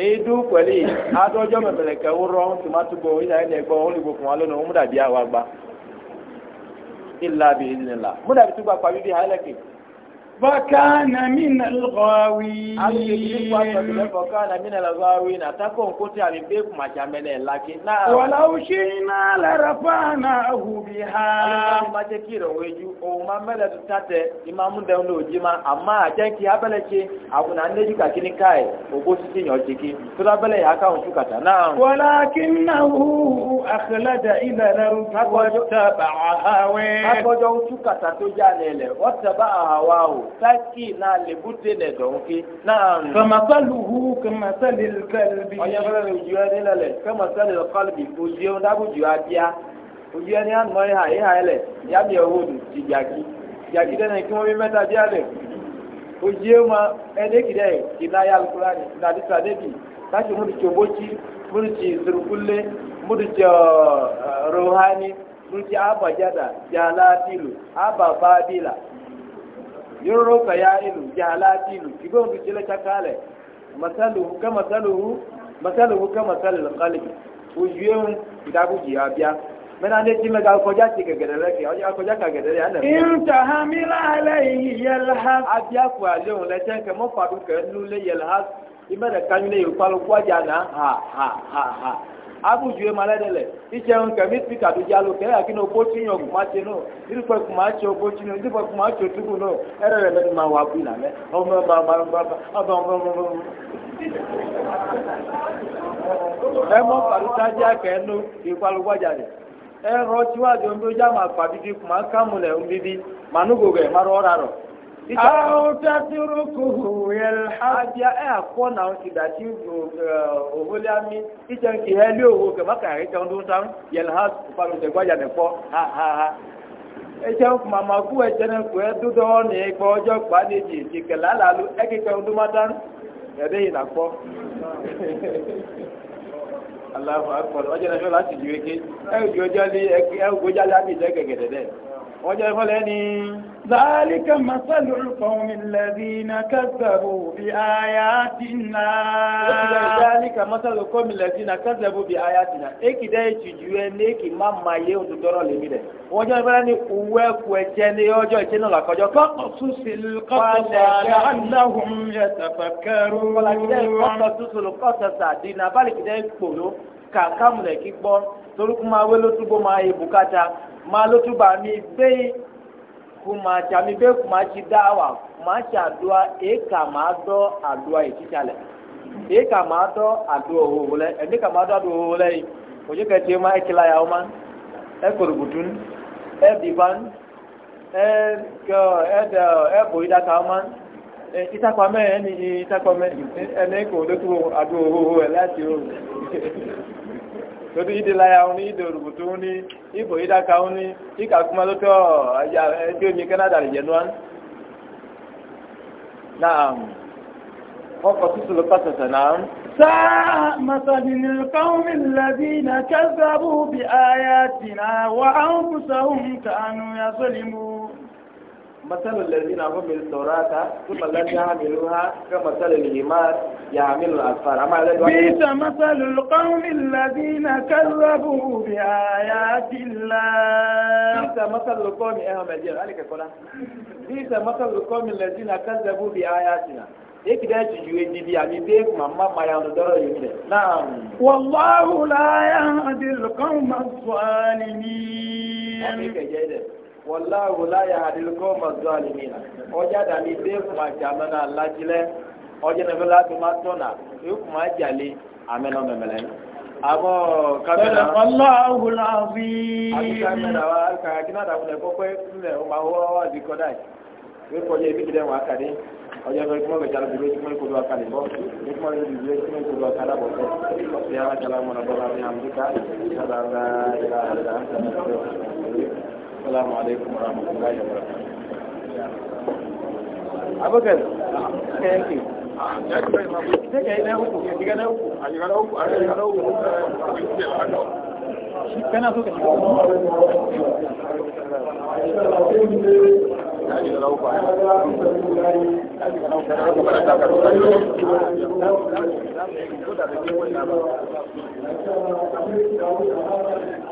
Speaker 1: edu pẹ̀lú adọ́jọ́ mẹ̀mẹ̀lẹ̀kẹ́ wúrọ́ tòmátùgbò ìdáyẹ̀ nẹ̀gbọ́ olùgbò fún wa lónìí òun múdàbí àwa gba ìlà bìí nìlà múdàbí tó gbà pa bíbí fakana mina lɔɔwi. alu yi yi na ta ko nkote a bɛ be kuma caman lɛ laki na. walawu si na lɛra fana hubi ha. alu ma jɛ k'i yɛrɛ weju o ma mɛlɛ ta tɛ i ma mun dɛmɛ n'o ji ma a ma a jɛ k'i a bɛlɛ ce a kunna an neji ka kini k'a ye o ko sisi ɲɔ jigi tura bɛlɛ y'a kan su ka taa na. walakin na hu akilada ilẹ̀rẹ̀ rúbọ̀ taba ahawe. akɔjɔ su ka taa to ja ne lɛ o taba ahawa taki na lebute ne donke na kamasaluhu kamasalil kalbi oye fere le ju ani lele kamasalil kalbi oje o dabu ju abia oje ani anu ye ha ye ha ele ya mi owo du ti jaki jaki dene ki mo bi meta dia le oje ma ene ki de ki na ya alqurani na di sa debi tashi mu di chobochi mu di ci zurkulle mu di ci uh, uh, rohani mu di abajada jalatilu ababadila yororo kaya ilu jahalati ilu kibe ondu chile chakale masaluhu ka masaluhu masaluhu ka masalil qalbi ujuyeun kitabu jiya bia mena ne chile ga koja ti gegere le ke oja koja ka gegere ana inta hamila alayhi yalhas abia ku aleun le chen ke mo fadu ke lu le yalhas imere kanyule yo palo kwaja na ha ha ha ha abudu ema lɛ ɖe itse ŋu kɛmi spika do alụ lo kɛ yaki no kpotsi nyɔ kuma tse no irifɛ kuma o kpotsi no irifɛ kuma tse tugu no ɛrɛ lɛ lɛ ma wa bui la mɛ ɔmɛ ba ba ba ba ba ba ba ba ɛmɔ kɛ no gbadza ɛrɔ ŋdo dza ma fa bibi kuma kamu lɛ ŋu manugo gɛ ma rɔ ɔra rɔ. aw tasirukuhu yalhaq ya a ko na ki da ti ohola mi itan ki heli owo ke maka ri tan dun tan yalhaq pa lo te gwa ya ne po ha ha ha e je ma ma ku e je e do ni gbo ojo pa ni ji ti ke la la ma na eke ọjọ́ ìfọ́lẹ̀ ni. zálíkà masalu kọ́mi lẹ́dínà kẹ́sàbù bí àyà tìǹà. zálíkà masalu kọ́mi lẹ́dínà kẹ́sàbù bí àyà tìǹà. èkì dẹ́ ìtìjú ẹ ní èkì má ma yé ohun dọ́rọ̀ lèmi rẹ̀. ọjọ́ ìfọ́lẹ̀ ni òwú ẹ̀kú ẹ̀jẹ̀ ní ọjọ́ ìṣẹ́ náà làkọjọ́. kọ́kọ̀ tún sí kọ́kọ̀ torí kuma wé lótú bó máa yẹ bùkátà máa lótú bá mi bẹ́ẹ̀ kuma tsa mi bẹ́ẹ̀ kuma tsi dá wa kuma tsi àdúrà èka máa dọ́ àdúrà yìí títsa lẹ̀ èka máa dọ́ àdúrà òwò lẹ̀ ẹni ka máa dọ́ àdúrà òwò lẹ̀ yìí òjò kẹtì ma ẹkìlá yà ọma ẹkọrọ bùtùn ẹbìban ẹkọ ẹdẹ ẹbọ ìdaka ọma ìtakpamẹ ẹni ìtakpamẹ ẹni kò lótú àdúrà òwò lẹ̀ láti òwò torí ìdè láyà wọn ní ìdè òrùbùtù wọn ní ìbò ìdàkà wọn ní ìkàkùmá tó tọ ẹjọ mi kánádà lè yẹnu wọn. naam wọn kọ sísun ló pàṣẹ náà. ساء مثل القوم الذين كذبوا بآياتنا وأنفسهم كانوا يظلمون مثل الذين حملوا التوراة ثم لم يعملوها كمثل الحمار يعمل الأسفار أما بئس مثل القوم الذين كذبوا بآيات الله بئس مثل القوم يا إيه مجير عليك كلا بئس مثل القوم الذين كذبوا بآياتنا yake da ci juye didi ami be kuma mamma ya no doro yimbe na'am wallahu la yahdi al wọláwo láyà àdìrúkọ mọ̀tò àlìmínà ọjà dàní dé kùmà jà mẹ́nà lájílẹ̀ ọjà nàfẹ́ láti má tọ̀nà ìkùmà jàlé àmẹ́nà mẹ́mẹ́lẹ́ àmọ́ kàmẹ́nà. ọlọ́ àwùlọ àfi. àti kàmẹ́nà wa kàkí náà dàbọ̀lẹ̀ kọ́kọ́ ńlẹ̀ ọmọ àwọn ọwọ́ àti kọ́dà yìí wọ́n kọjá ibi kìlẹ̀ wọn àkàdé ọjọ́ bẹ́ẹ̀ kúmọ̀ gbẹ̀jà lóbi lójú kúmọ̀ ìkodo àkàlẹ̀ bọ́ kúmọ̀ lóbi lójú kúmọ̀ ìkodo àkàlẹ̀ bọ́ bẹ́ẹ̀ ọ̀sẹ̀ yàrá jàlá mọ̀nà bọ́lá ní amúríkà ìṣàlá assalamu alaikum warahmatullahi wabarakatuh
Speaker 2: Thank you.